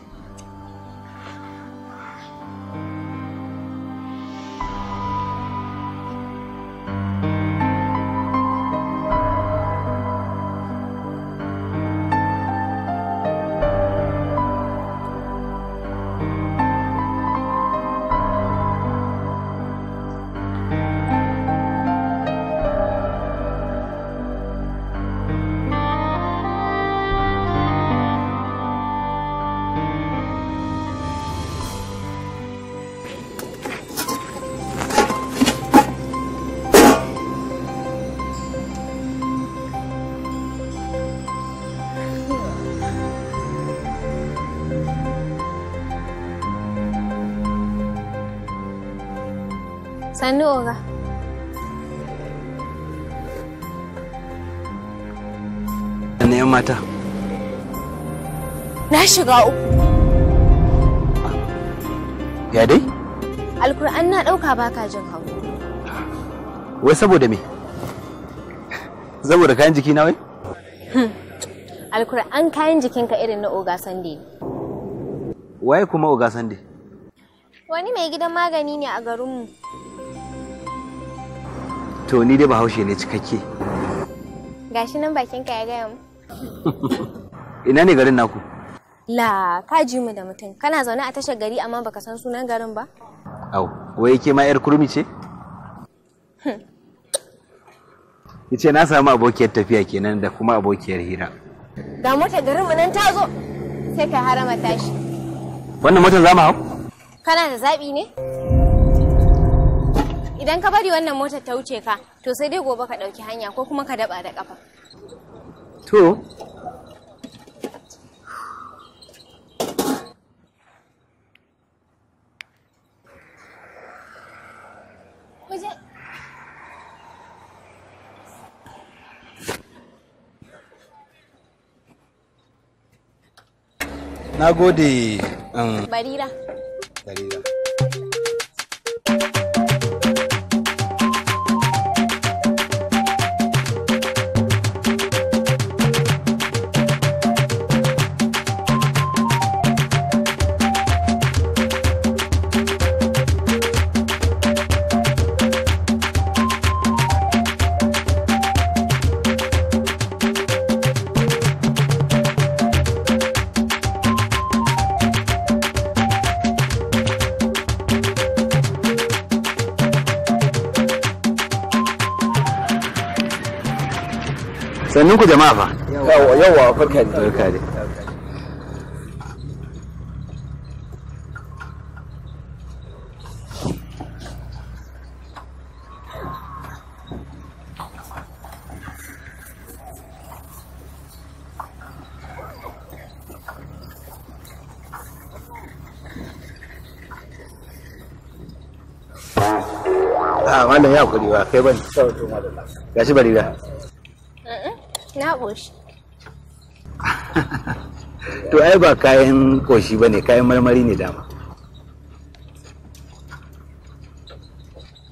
Sanuga. Ne yan mata? Na shiga uku. Ya dai? Alkur'an na ɗauka baka jin hau. Wai saboda me? Saboda kayan jiki na wai? Hmm. Alkur'an kayan jikinka irin na Oga Sande. Waye kuma Oga Sande? Wani mai gidan magani ne a garinmu. to ni dai bahaushe ne cikakke gashi nan bakin ka ya gaya mu <laughs> ina ne garin naku la ka ji mu da mutum kana zaune a tashar gari amma baka san sunan garin ba au wai ke ma yar kurmi ce hmm. ce na samu abokiyar tafiya kenan da kuma abokiyar hira ga mota garinmu nan ta zo sai ka harama tashi wannan motar za mu hau kana da zaɓi ne idan ka bari wannan motar ta wuce ka to sai dai gobe ka dauki hanya ko kuma ka daba da kafa to Na gode. Um, Barira. Barira. sannin ku jama'a fa yawa farka ne farka ne a ah, wannan ya kuri ba kai bane gashi barira <laughs> to ai ba kayan ƙoshi ba ne kayan marmari ne dama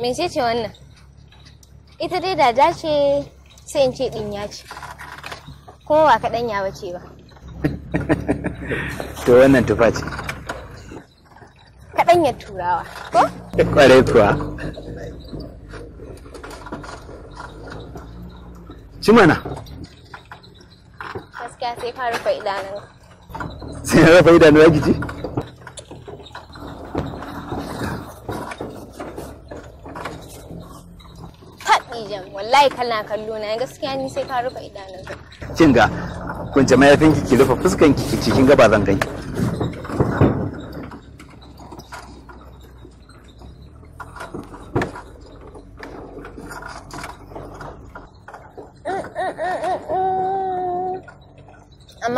mece ce wannan ita dai da da ce sai in ce ya ce kuma ba kaɗan ya bace ba <laughs> to wannan tufa ce kaɗan ya turawa ko? Kwarai <laughs> kuwa Cimana. gaskiya sai ka rufe idanun sai rufe idanun ya gici jan wallahi kana kallo na gaskiya ni sai ka rufe idanun kin ga ki rufe ki cikin gaba zan ganki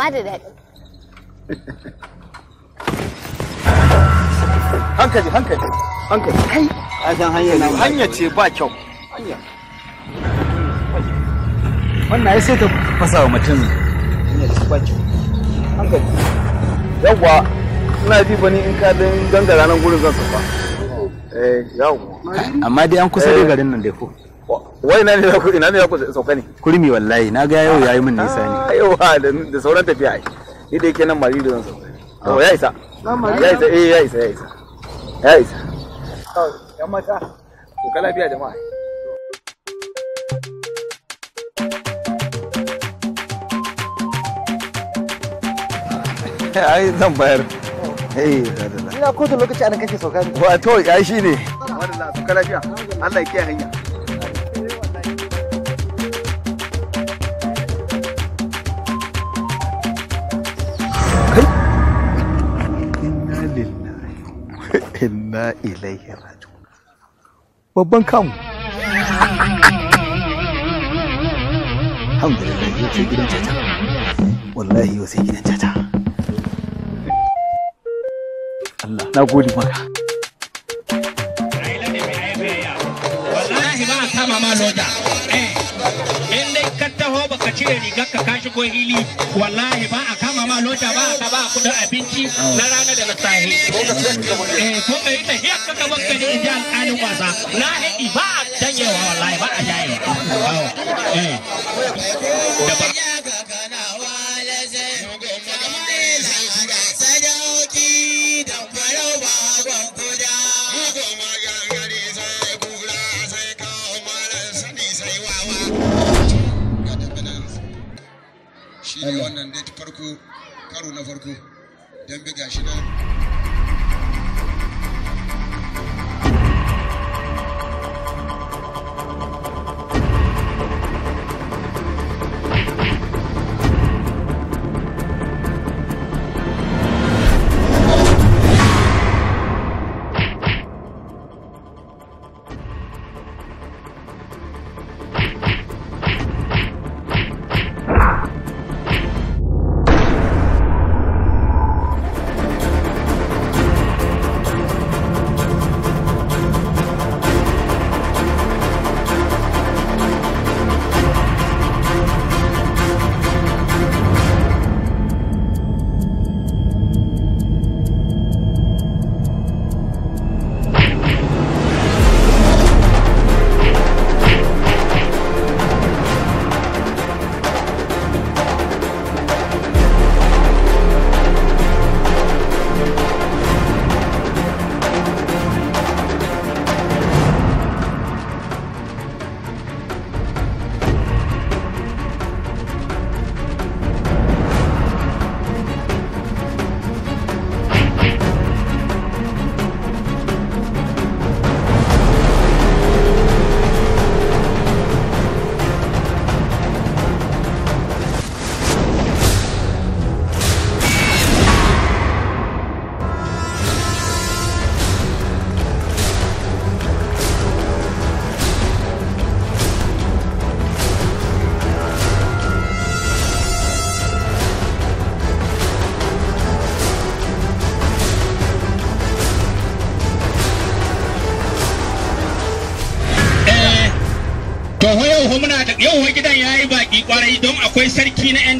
ma it. daɗi hankali hankali hankali kai a san hanya na hanya ce ba kyau hanya wannan ai sai ta fasa wa mutum hanya ce ba kyau hankali yawwa ina ji bani in ka dan gangara nan gurin zan safa oh. eh yawwa amma dai an kusa da eh. garin nan dai ko wai ina ne za ku ina ne za ku sauka ne kurmi wallahi na ga yau yayi min nisa ne ah, yawa da sauran tafiya ai ni da yake nan mari da zan sauka to ya isa ya isa eh ya isa ya isa ya isa ya mata ku kala biya jama'a <laughs> ai zan bayar eh ina ko lokaci an kake sauka wato ai shine wallahi kala lafiya Allah ya kiyaye hanya inna ilaihi raji'un babban kamu alhamdulillah yau sai gidan caca wallahi yau sai gidan caca Allah na gode maka wallahi ba kama ma loda eh, eh ka cire rigar ka ka shigo hili wallahi ba a kama ma lota ba ka ba kudin abinci na rana da na sahi eh ko kai ta hiyar ka kaman ka ne inji alƙalin wasa na haɗi ba a danyewa wallahi ba a jayewa eh. da ba farko karo na farko don biga shi nan sarki kwarai don akwai sarki na 'yan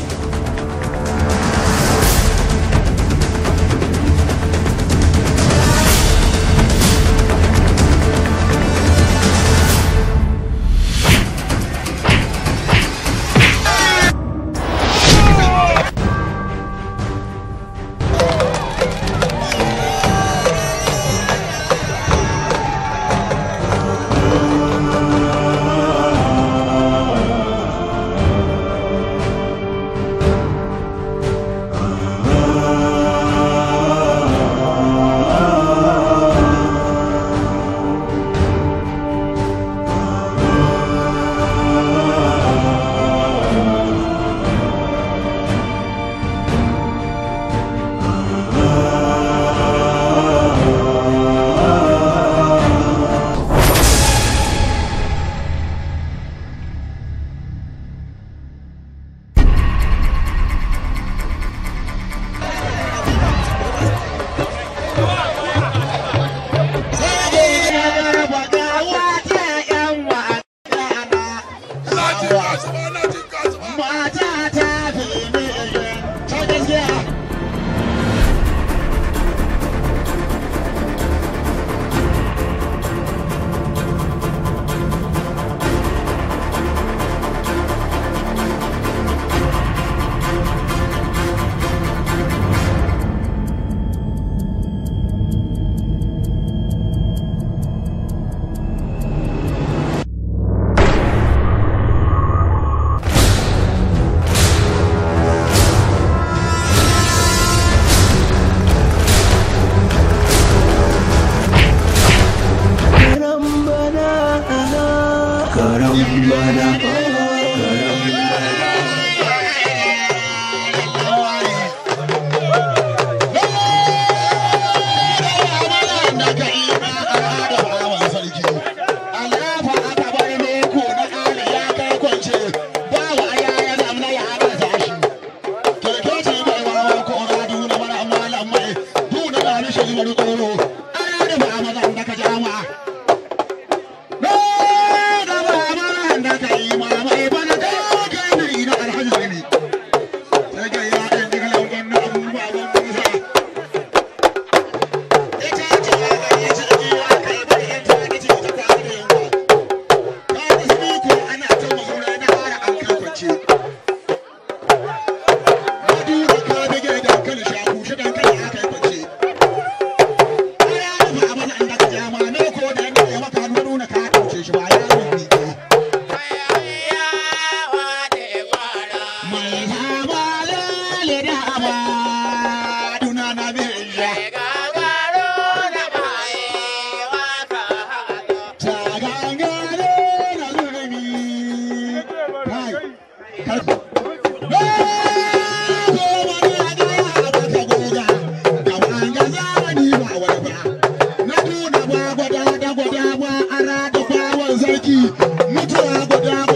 energy. Not where I go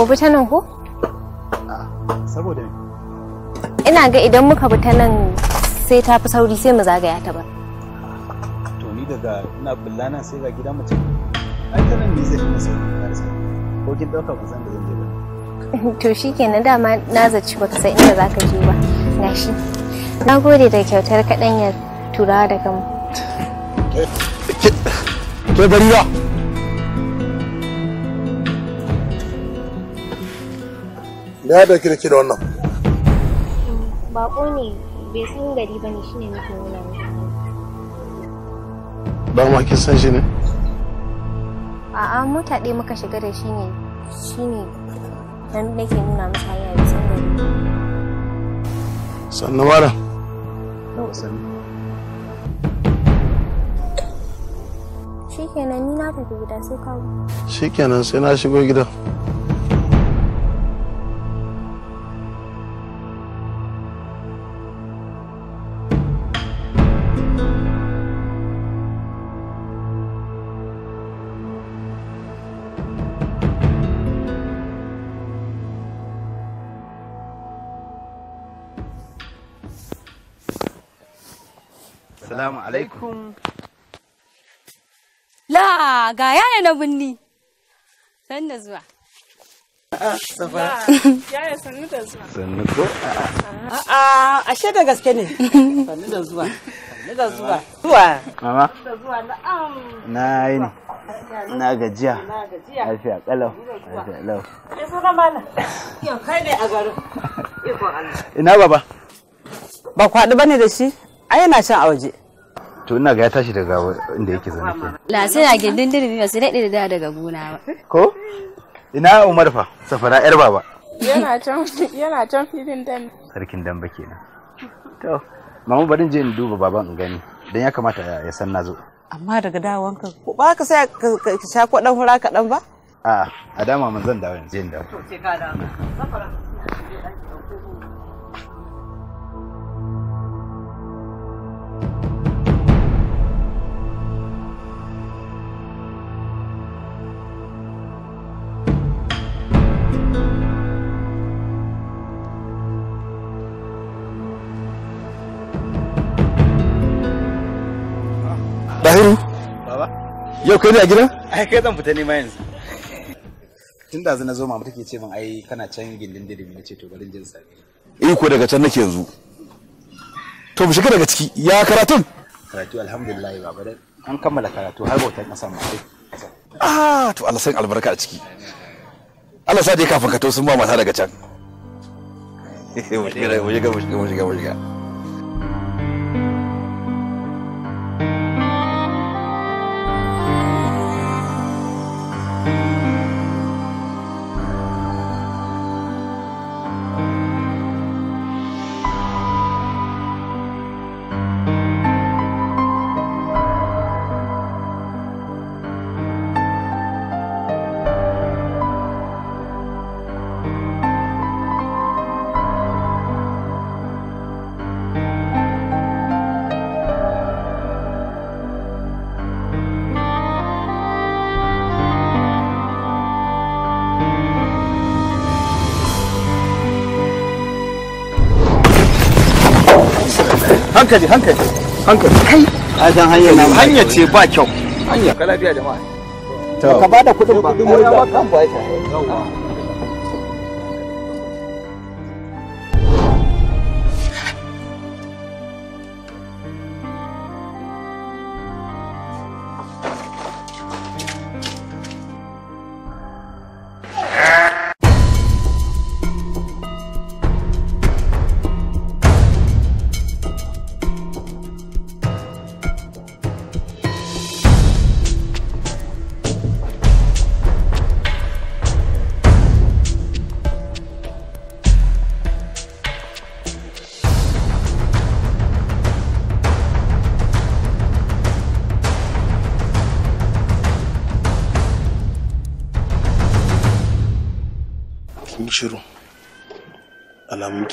Babu ta nan ko? Saboda Ina ga idan muka bi ta nan sai ta fi sauri sai mu zagaya ta ba. To ni daga ina bulla sai ga gida mace. Ai ta nan ne zai sauri. Ko kin dauka ku da zan je ba. <laughs> To shikenan dama na zaci baka san inda zaka je ba. Gashi. Na gode da kyautar kaɗanyar turawa daga mu. Ke bari ba. me ya dauki da ke da wannan bako ne bai san gari ba ne shine nake nuna ba ma kin san shi ne a'a mota ɗaya muka shiga da shi ne ne nan nake nuna masa hanya bai san gari sannan mara shikenan ni na tafi gida sai kawo shikenan sai na shigo gida Assalamu alaikum. La ga yaya na binni. San da zuwa. Safa. Yaya sannu da zuwa. Sannu ko? A'a, A'a, ashe da gaske ne. Sannu da zuwa. Sannu da zuwa. Zuwa. Mama. Da zuwa na'am. Na yi ne. Na gajiya. Na gajiya. Lafiya kalau. Lafiya kalau. Ke suna mana. Yau kai ne a garin. <laughs> Ina baba. Ba kwaɗi bane da shi? Ai yana shan a waje. to ina ga ya tashi daga inda yake zane ke la sai na gindin dirbi ba sai daɗe da daga gona ba ko ina umar fa safara yar baba yana can yana can filin dan sarkin dan bake na to mamu barin je in duba baban in gani dan ya kamata ya san na zo amma daga ka ko ba ka sai ka sha kwadan hura kaɗan ba a a dama mun zan dawo yanzu in dawo to sai ka dawo safara thank you yau kai ne a gida ai kai zan fita nema yanzu tun da na zo mama take ce min ai kana can gindin da na ce to bari jin sani eh ko daga can nake yanzu to mu shiga daga ciki ya karatun karatu alhamdulillah baba dai an kammala karatu har bautar kasan ma ah to Allah san albarka a ciki Allah sa dai kafin ka to sun ba mata daga can <laughs> mu shiga mu shiga mu shiga mu shiga hankali hankali hankali kai a san hanya na hanya ce ba kyau hanya ka lafiya jama'a to ka bada kuɗin ba kuɗin ba kan ba yawa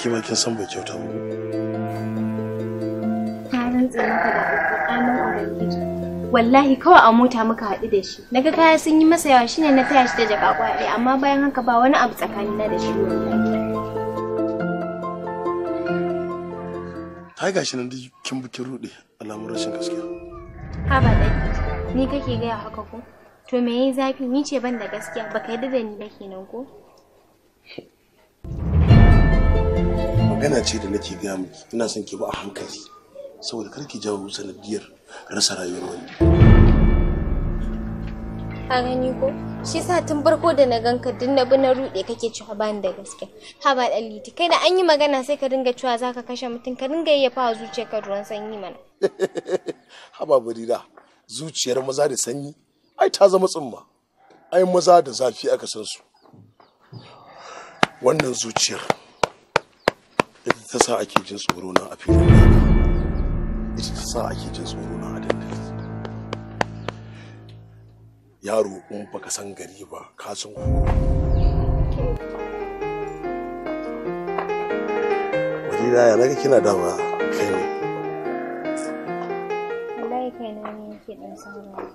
ma kin san bai kyauta ba. Wallahi kawai a mota muka haɗu da shi. Naga kaya sun yi masa yawa shine na taya shi da jaka kwaɗe amma bayan haka ba wani abu tsakanina da shi wallahi. Ai gashi nan duk kin bukin rude alamun rashin gaskiya. Ha ba dai. Ni kake gaya haka ko? To me yayi zafi ni ce ban da gaskiya baka yarda da ni ba kenan ko? magana ce da nake gaya miki ina son ki ba a hankali saboda kar ki jawo sanadiyar rasa rayuwar wani ka gani ko shi sa tun barko da na ganka din na bi na rude kake cewa bani da gaske ha ba daliti kai da an yi magana sai ka dinga cewa zaka kashe mutum ka dinga yayyafa wa ka ruwan sanyi mana <laughs> ha ba barira zuciyar maza da sanyi ai ta zama tsumma ai maza da zafi aka san su wannan zuciyar ita ta sa ake jin tsoro na a filin ita ta sa ake jin tsoro na a dandali yaro in baka san gari ba ka san horo Wadida ya naga kina dama kai ne. Wallahi kai na ne yake dan saurayi.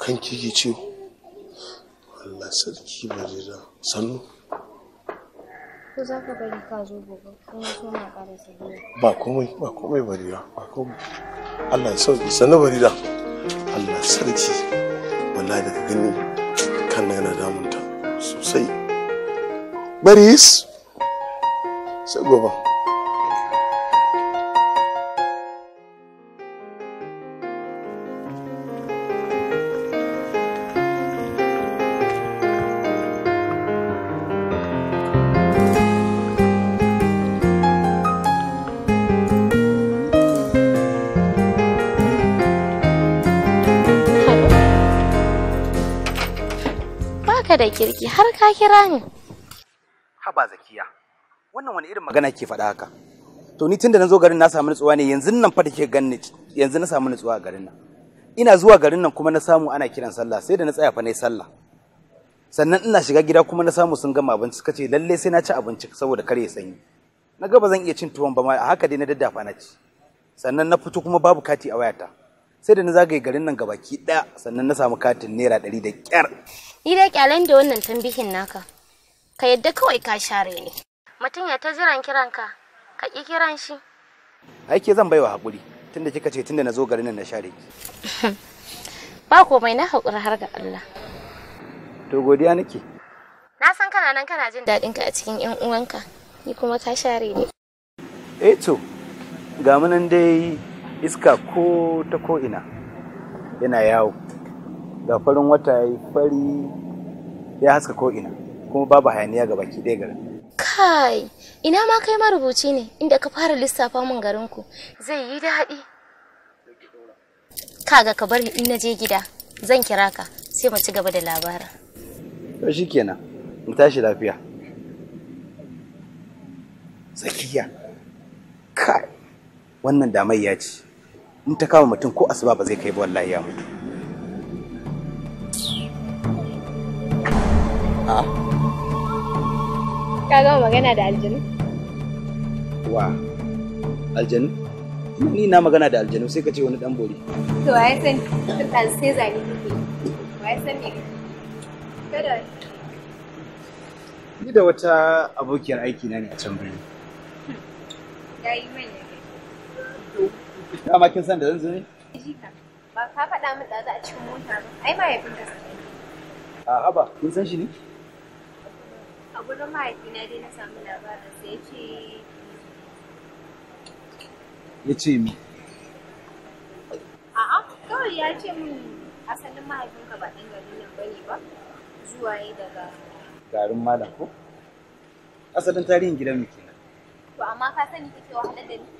Kan kike ciwo? Allah sarki Wadida sannu. ko za ka bari ka zo gobe kuma so na ƙara ba komai ba Allah sauki sannu Allah sarki wallahi daga gani kan yana damunta sosai baris sai gobe mai kirki har ka kira ni. Haba zakiya, wannan wani irin magana ke faɗa haka? To ni tun da na zo garin na samu nutsuwa ne yanzu nan fa da ke ganni yanzu na samu nutsuwa a garin nan. Ina zuwa garin nan kuma na samu ana kiran sallah sai da na tsaya fa na yi sallah. Sannan ina shiga gida kuma na samu sun gama abinci suka ce lalle sai na ci abinci saboda kar ya sanyi. Na ga ba zan iya cin tuwon ba ma haka dai na daddafa na ci. Sannan na fito kuma babu kati a wayata. sai da na zagaye garin nan gabaki ɗaya sannan na samu katin naira ɗari da kyar. Ni dai kyalen da wannan tambihin naka. Ka yadda kawai ka share ni. Mutum ya ta jiran kiranka, ka ƙi kiran shi. Aike zan baiwa haƙuri, tunda kika ce tunda na zo garin nan na share ki. <laughs> Ba komai na haƙura har ga Allah. To godiya nake. Na san kana nan kana jin daɗinka a cikin 'yan uwanka, ni kuma ka share ni. Eh to, ga munan dai iska ko ta ko'ina yana yawo ga farin wata fari ya haska ko'ina kuma babu hayaniya ga baki ɗaya garin kai ina ma kai marubuci ne inda ka fara lissafa min garinku zai yi daɗi kaga ka bari in na je gida zan kira ka sai mu ci gaba da labarin to kenan mu tashi lafiya Sakiya, kai wannan damayya ce in ta kama mutum ko asuba ba zai kai ba wallahi ya mutu ah. ka gama magana da aljanu wa aljanu ni na magana da aljanu sai ka ce wani dan bori to ai san sai zani kike wai san me kada ni da wata abokiyar aiki na ne a can birni yayi manya dama kin san da zan zo ne ba ka faɗa min da a cikin mota ba ai mahaifinka a haba kin san shi ne a gudun mahaifina dai na samu labarin sai yake ya ce mi a'a kawai ya ce min asalin mahaifinka ba ɗan garin nan ne ba zuwa yi daga garin malam ko asalin tarihin gidan mu kenan to amma ka sani kake wahalar da ni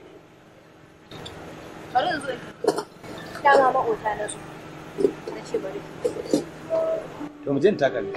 bari in zo maƙota na bari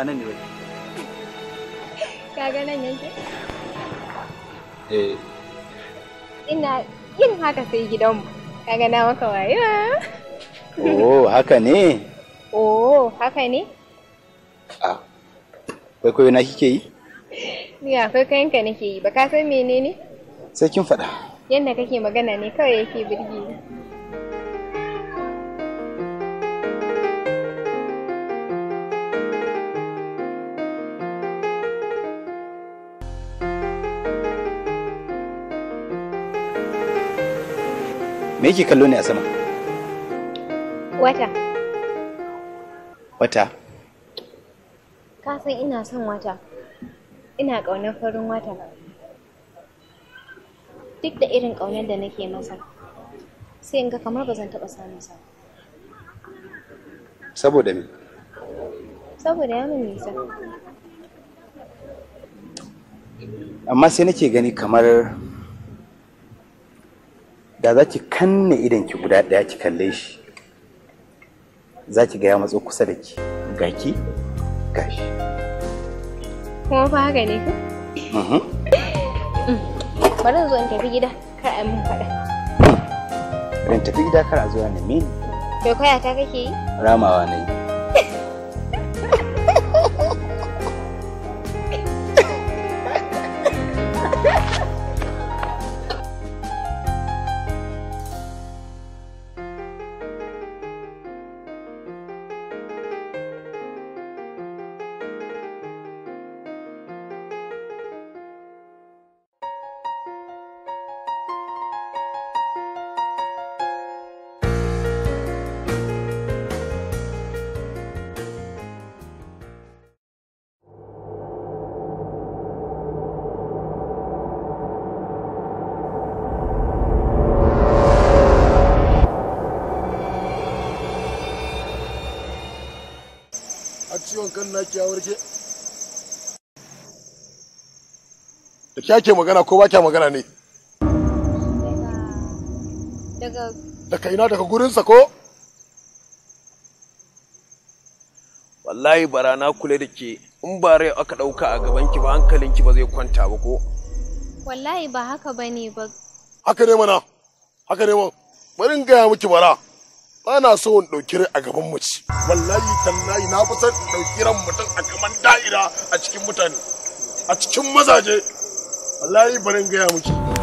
ba nan ne ba kaga nan yanke eh ina yin haka sai gidanmu kaga na maka wayo oh haka ne oh haka ne ah kai koyo na kike yi ni akwai kayanka nake yi ba ka san menene sai kin faɗa Yanda kake magana ne kawai yake birgi me yake kallo ne a sama wata wata ka san ina son wata ina ƙaunar farin wata duk da irin ƙaunar da nake masa sai in ga kamar ba zan taɓa samun sa saboda me saboda ya min nisa amma sai nake gani kamar da za ki kanne idan ki guda ɗaya ki kalle shi za ki ga ya matso kusa da ki ga ki ga shi kuma fa haka ne ku? bari zo in tafi gida kar a min faɗa in tafi gida kar a zuwa na mini to kaya ta kake yi ramawa na yi warke da kya ke magana ko ba kya magana ne daga daga ina daga gurinsa ko wallahi barana kula da ke in ba rai aka ɗauka a gaban ki ba ki ba zai kwanta ba ko wallahi ba haka ba ne ba haka ne mana haka ne mana, bari in gaya miki bara bana so in ɗauki a gaban mace wallahi tallahi na fi son ɗauki ran mutum a kaman da'ira a cikin mutane a cikin mazaje wallahi barin gaya miki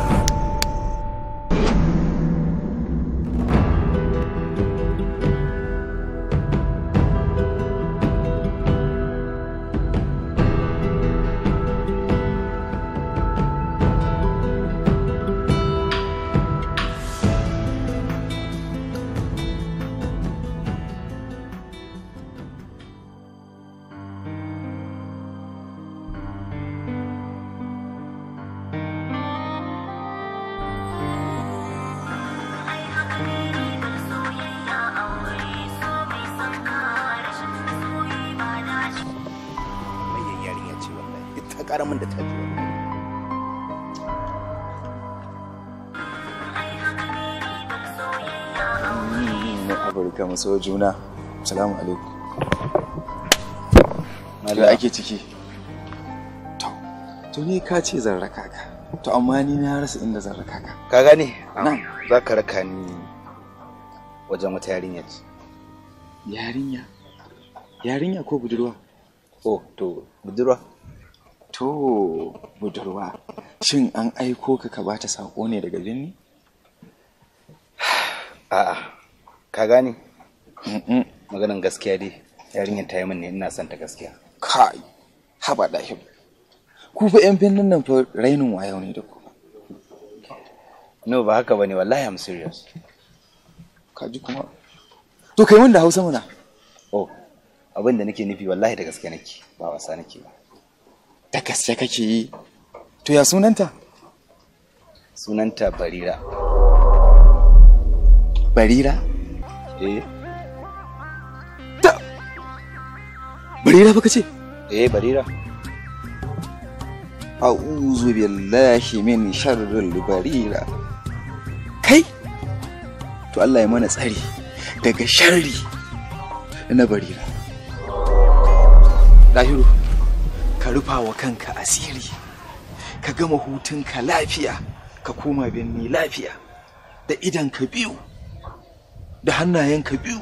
so juna salamu alaikum mala ake ciki to to ni ka ce zan raka ka to amma ni na rasa inda zan raka ka ka gane ah, za ka raka ni wajen wata yarinya ce yarinya yarinya ko budurwa oh to budurwa to budurwa shin an aiko ka ka bata sako ne daga birni <sighs> a'a ka gane maganan gaskiya dai yarinyar ta yi min ne ina son ta gaskiya kai haba dahim ku fa yan birnin nan fa rainin wayo ne da ku no ba haka bane wallahi am serious ji kuma to kai wanda Hausa muna oh abin da nake nufi wallahi da gaskiya nake ba wasa nake ba da gaskiya kake yi to ya sunanta sunanta barira barira eh barira baka ce eh barira a'udhu billahi min sharril barira kai to Allah ya mana tsari daga sharri na barira lahiru ka rufa wa kanka asiri ka gama hutunka lafiya ka koma birni lafiya da idanka biyu da hannayenka biyu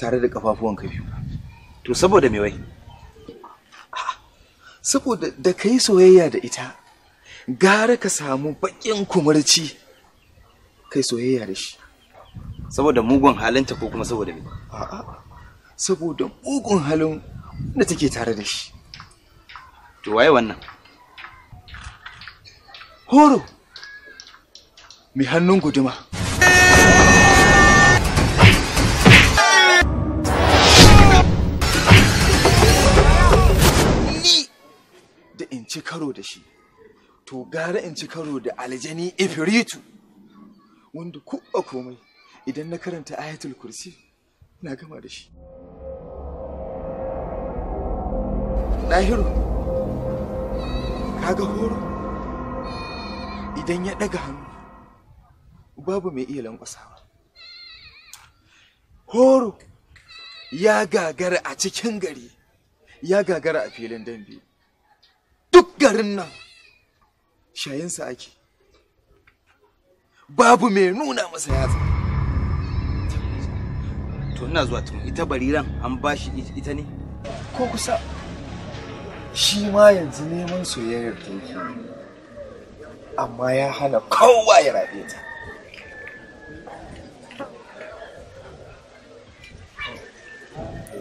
tare da ƙafafuwanka biyu to saboda me wai saboda da kai soyayya da ita gara ka samu bakin kumurci kai soyayya da shi saboda mugun halinta ko kuma saboda me a'a saboda mugun halin da take tare da shi to waye wannan horo mai hannun guduma in ci karo da shi to gara in ci karo da aljani ifiritu wanda ko komai idan na karanta ayatul kursi na gama da shi ɗahiru kaga horo idan ya ɗaga hannu babu mai iya lankwasawa horo ya gagara a cikin gari ya gagara a filin dambe duk garin nan shayinsa ake babu mai nuna masa yatsa to ina zuwa tun ita bariran an ba shi ita ne ko kusa shi ma yanzu neman soyayyar take amma ya hana kowa ya rabe ta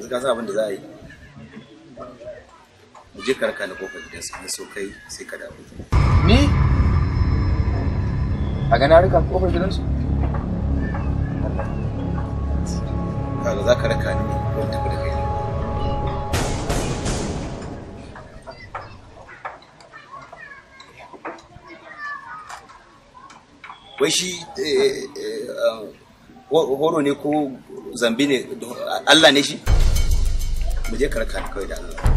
da za a yi mu je karka na kofar gidansa in so kai sai ka dawo ni a ga na rika kofar su? kaga za ka raka ni ko tafi da kai wai shi eh, eh, eh, horo ne ko zambi ne Allah ne shi mu je karka kawai da Allah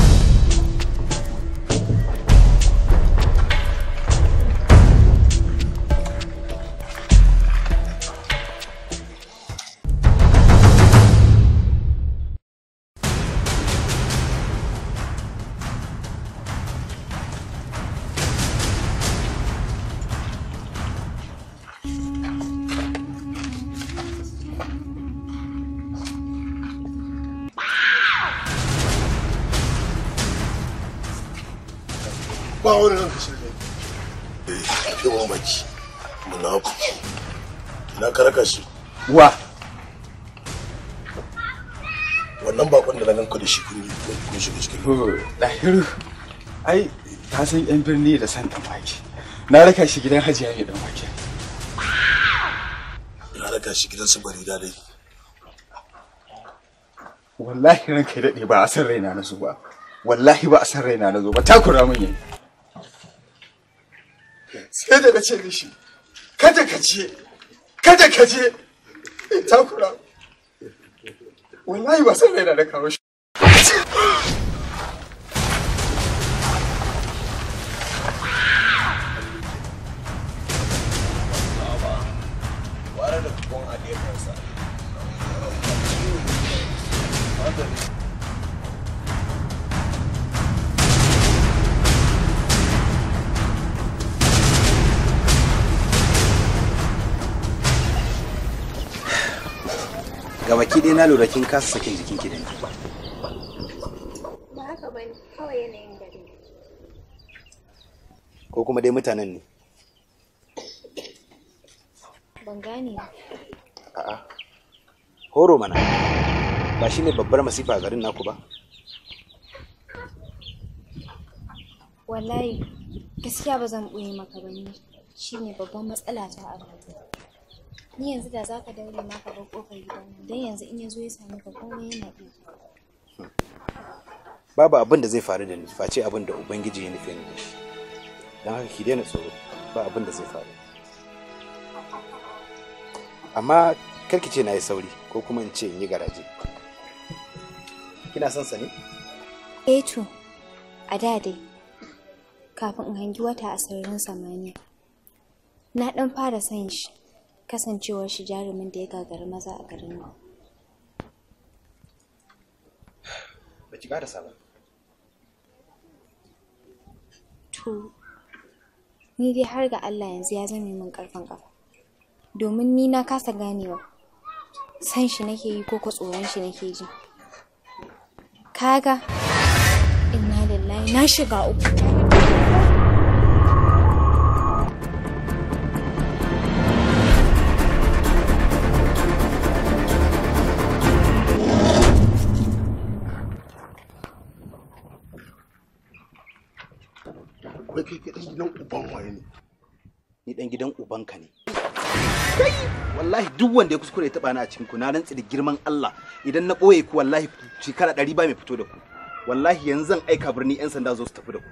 wa wannan bakon da na ganka da shi kun kun shiga cikin lahiru oh, ai ta san yan birni da san tamaki na raka shi gidan hajiya mai dan wake na raka shi gidan su bari barira dai wallahi ranka daɗe ba a san raina na zo ba wallahi ba a san raina na zo ba takura mun yayi sai da na ce shi kada ka je kada ka je ちゃうからお前忘れられかもし dai na lura kin kasa sakin jikin ki da ni ba haka bane kawai yanayin gari ko kuma dai mutanen ne ban gane a'a horo mana ba shi ne babbar masifa a garin naku ba wallahi gaskiya ba zan ɓoye maka ba ne shi ne babban matsala ta a rayuwa ni yanzu da za ka daure ma ka bar kofar gidan nan dan yanzu in ya zo ya same ka komai yana iya babu abin da zai faru da ni face abin da ubangiji ya nufe ni shi don haka ki daina tsoro ba abin da zai faru amma karki ce na yi sauri ko kuma in ce in yi garaje kina son sa ne eh to a da dai kafin in hangi wata a sararin samaniya na dan fara son shi kasancewar shi jarumin da ya gagari maza a garin nan ba ki sabon to ni dai har ga Allah yanzu ya zame min ƙarfin ƙafa domin ni na kasa ganewa san shi nake yi ko tsoron shi nake ji kaga inna lillahi na shiga uku babban wani ne ni dan gidan ubanka ne kai wallahi duk wanda ya kuskure ya taba ni a cikin ku na rantsi da girman Allah idan na koye ku wallahi shekara ɗari ba mai fito da ku wallahi yanzu zan aika birni yan sanda zo su tafi da ku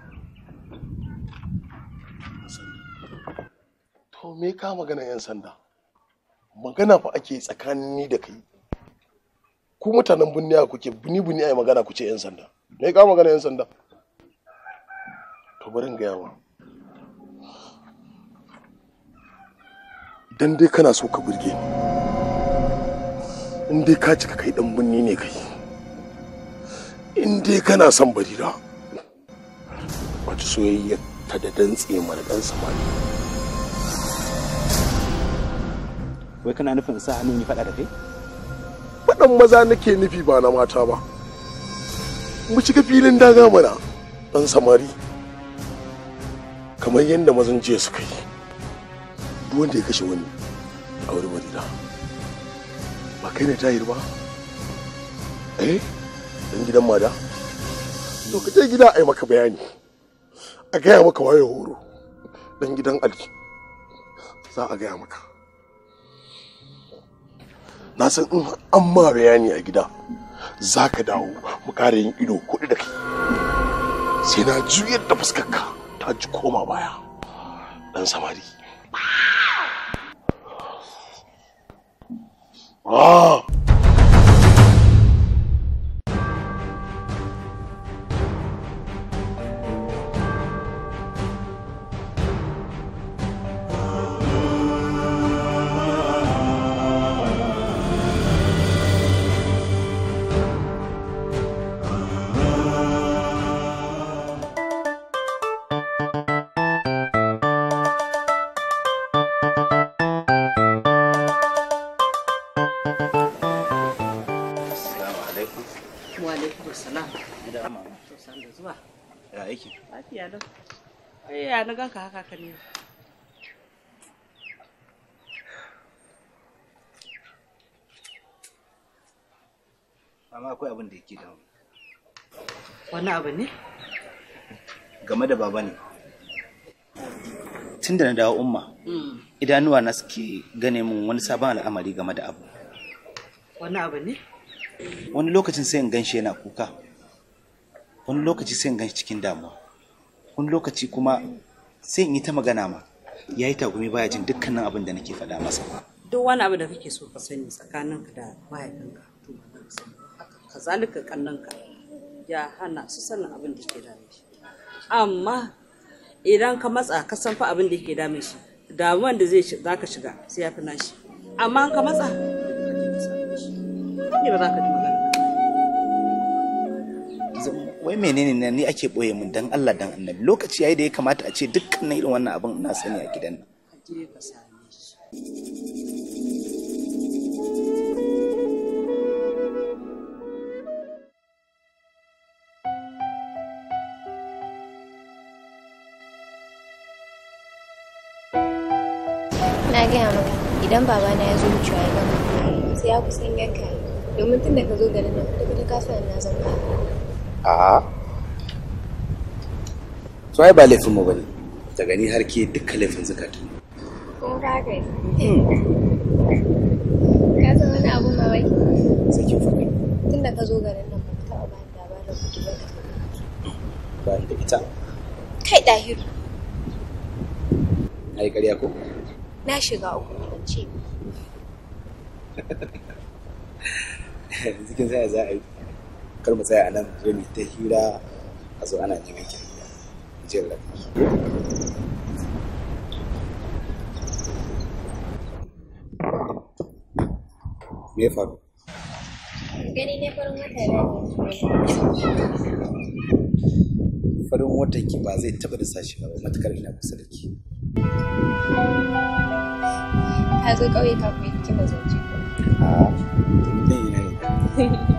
to me ka magana yan sanda magana fa ake tsakanin ni da kai ku mutanen binniya kuke buni buni ai magana ku ce yan sanda me ka magana yan sanda to bari in gaya ma dan dai kana so ka burge ni in dai ka cika kai dan binni ne kai in dai kana son barira wata soyayya ta da dantse mana dan samari wai kana nufin sa hannu ni faɗa da kai faɗan maza nake nufi ba na mata ba mu cika filin daga mana dan samari kamar yadda mazan jiya suka yi duk wanda ya kashe wani a wurin madina ba kai ne tahir ba eh dan gidan mada to ka je gida a yi maka bayani a gaya maka waye horo dan gidan alki za a gaya maka na san in an ma bayani a gida za ka dawo mu kare yin ido kuɗi da kai sai na juyar da fuskarka ta ji koma baya dan samari 아 ganka haka ka ne Mama akwai abin da yake da Wani abu ne? Game da baba ne. Tun da na dawo umma, idanuwa na suke gane min wani sabon al'amari game da abu. Wani abu ne? Wani lokacin sai in gan shi yana kuka. Wani lokaci sai in gan shi cikin damuwa. Wani lokaci kuma sai in yi ta magana ma ya yi tagumi baya jin dukkanin abin da nake faɗa masa duk wani abu da kake so ka sani tsakaninka da mahaifinka to kannan ka ya hana su sanin abin da ke dame shi amma idan ka matsa ka san fa abin da ke dame shi damuwan da zai za ka shiga sai ya fi nashi amma ka matsa ji ba za ka ji wai menene ne ni ake boye mun dan Allah dan annabi lokaci yayi da ya kamata a ce dukkanin irin wannan abin ina sani a gidan nan Na gaya maka idan babana ya zo wucewa ya gama sai ya kusan yanka domin tun da ka zo garin nan ka kasuwan na zama a so ai ba laifin mu bane daga ni har ke duka laifin zakatun in za ka yi ka san wani abu mawai sai kin fuka tunda ka zo garin nan ba ta ba da ba da kudi ba ba da ita kai dahiru ai ƙarya ko na shiga uku ban ce <laughs> zikin sai za a yi kar mu tsaya a nan zo mu ta hira a zo ana neman ki jin lafiya me ya faru gani ne farin wata farin watan ki ba zai taba da sashi ba matukar ina kusa da ki ka zo kauye kafin ki ba zo ki a tun ina ne <laughs>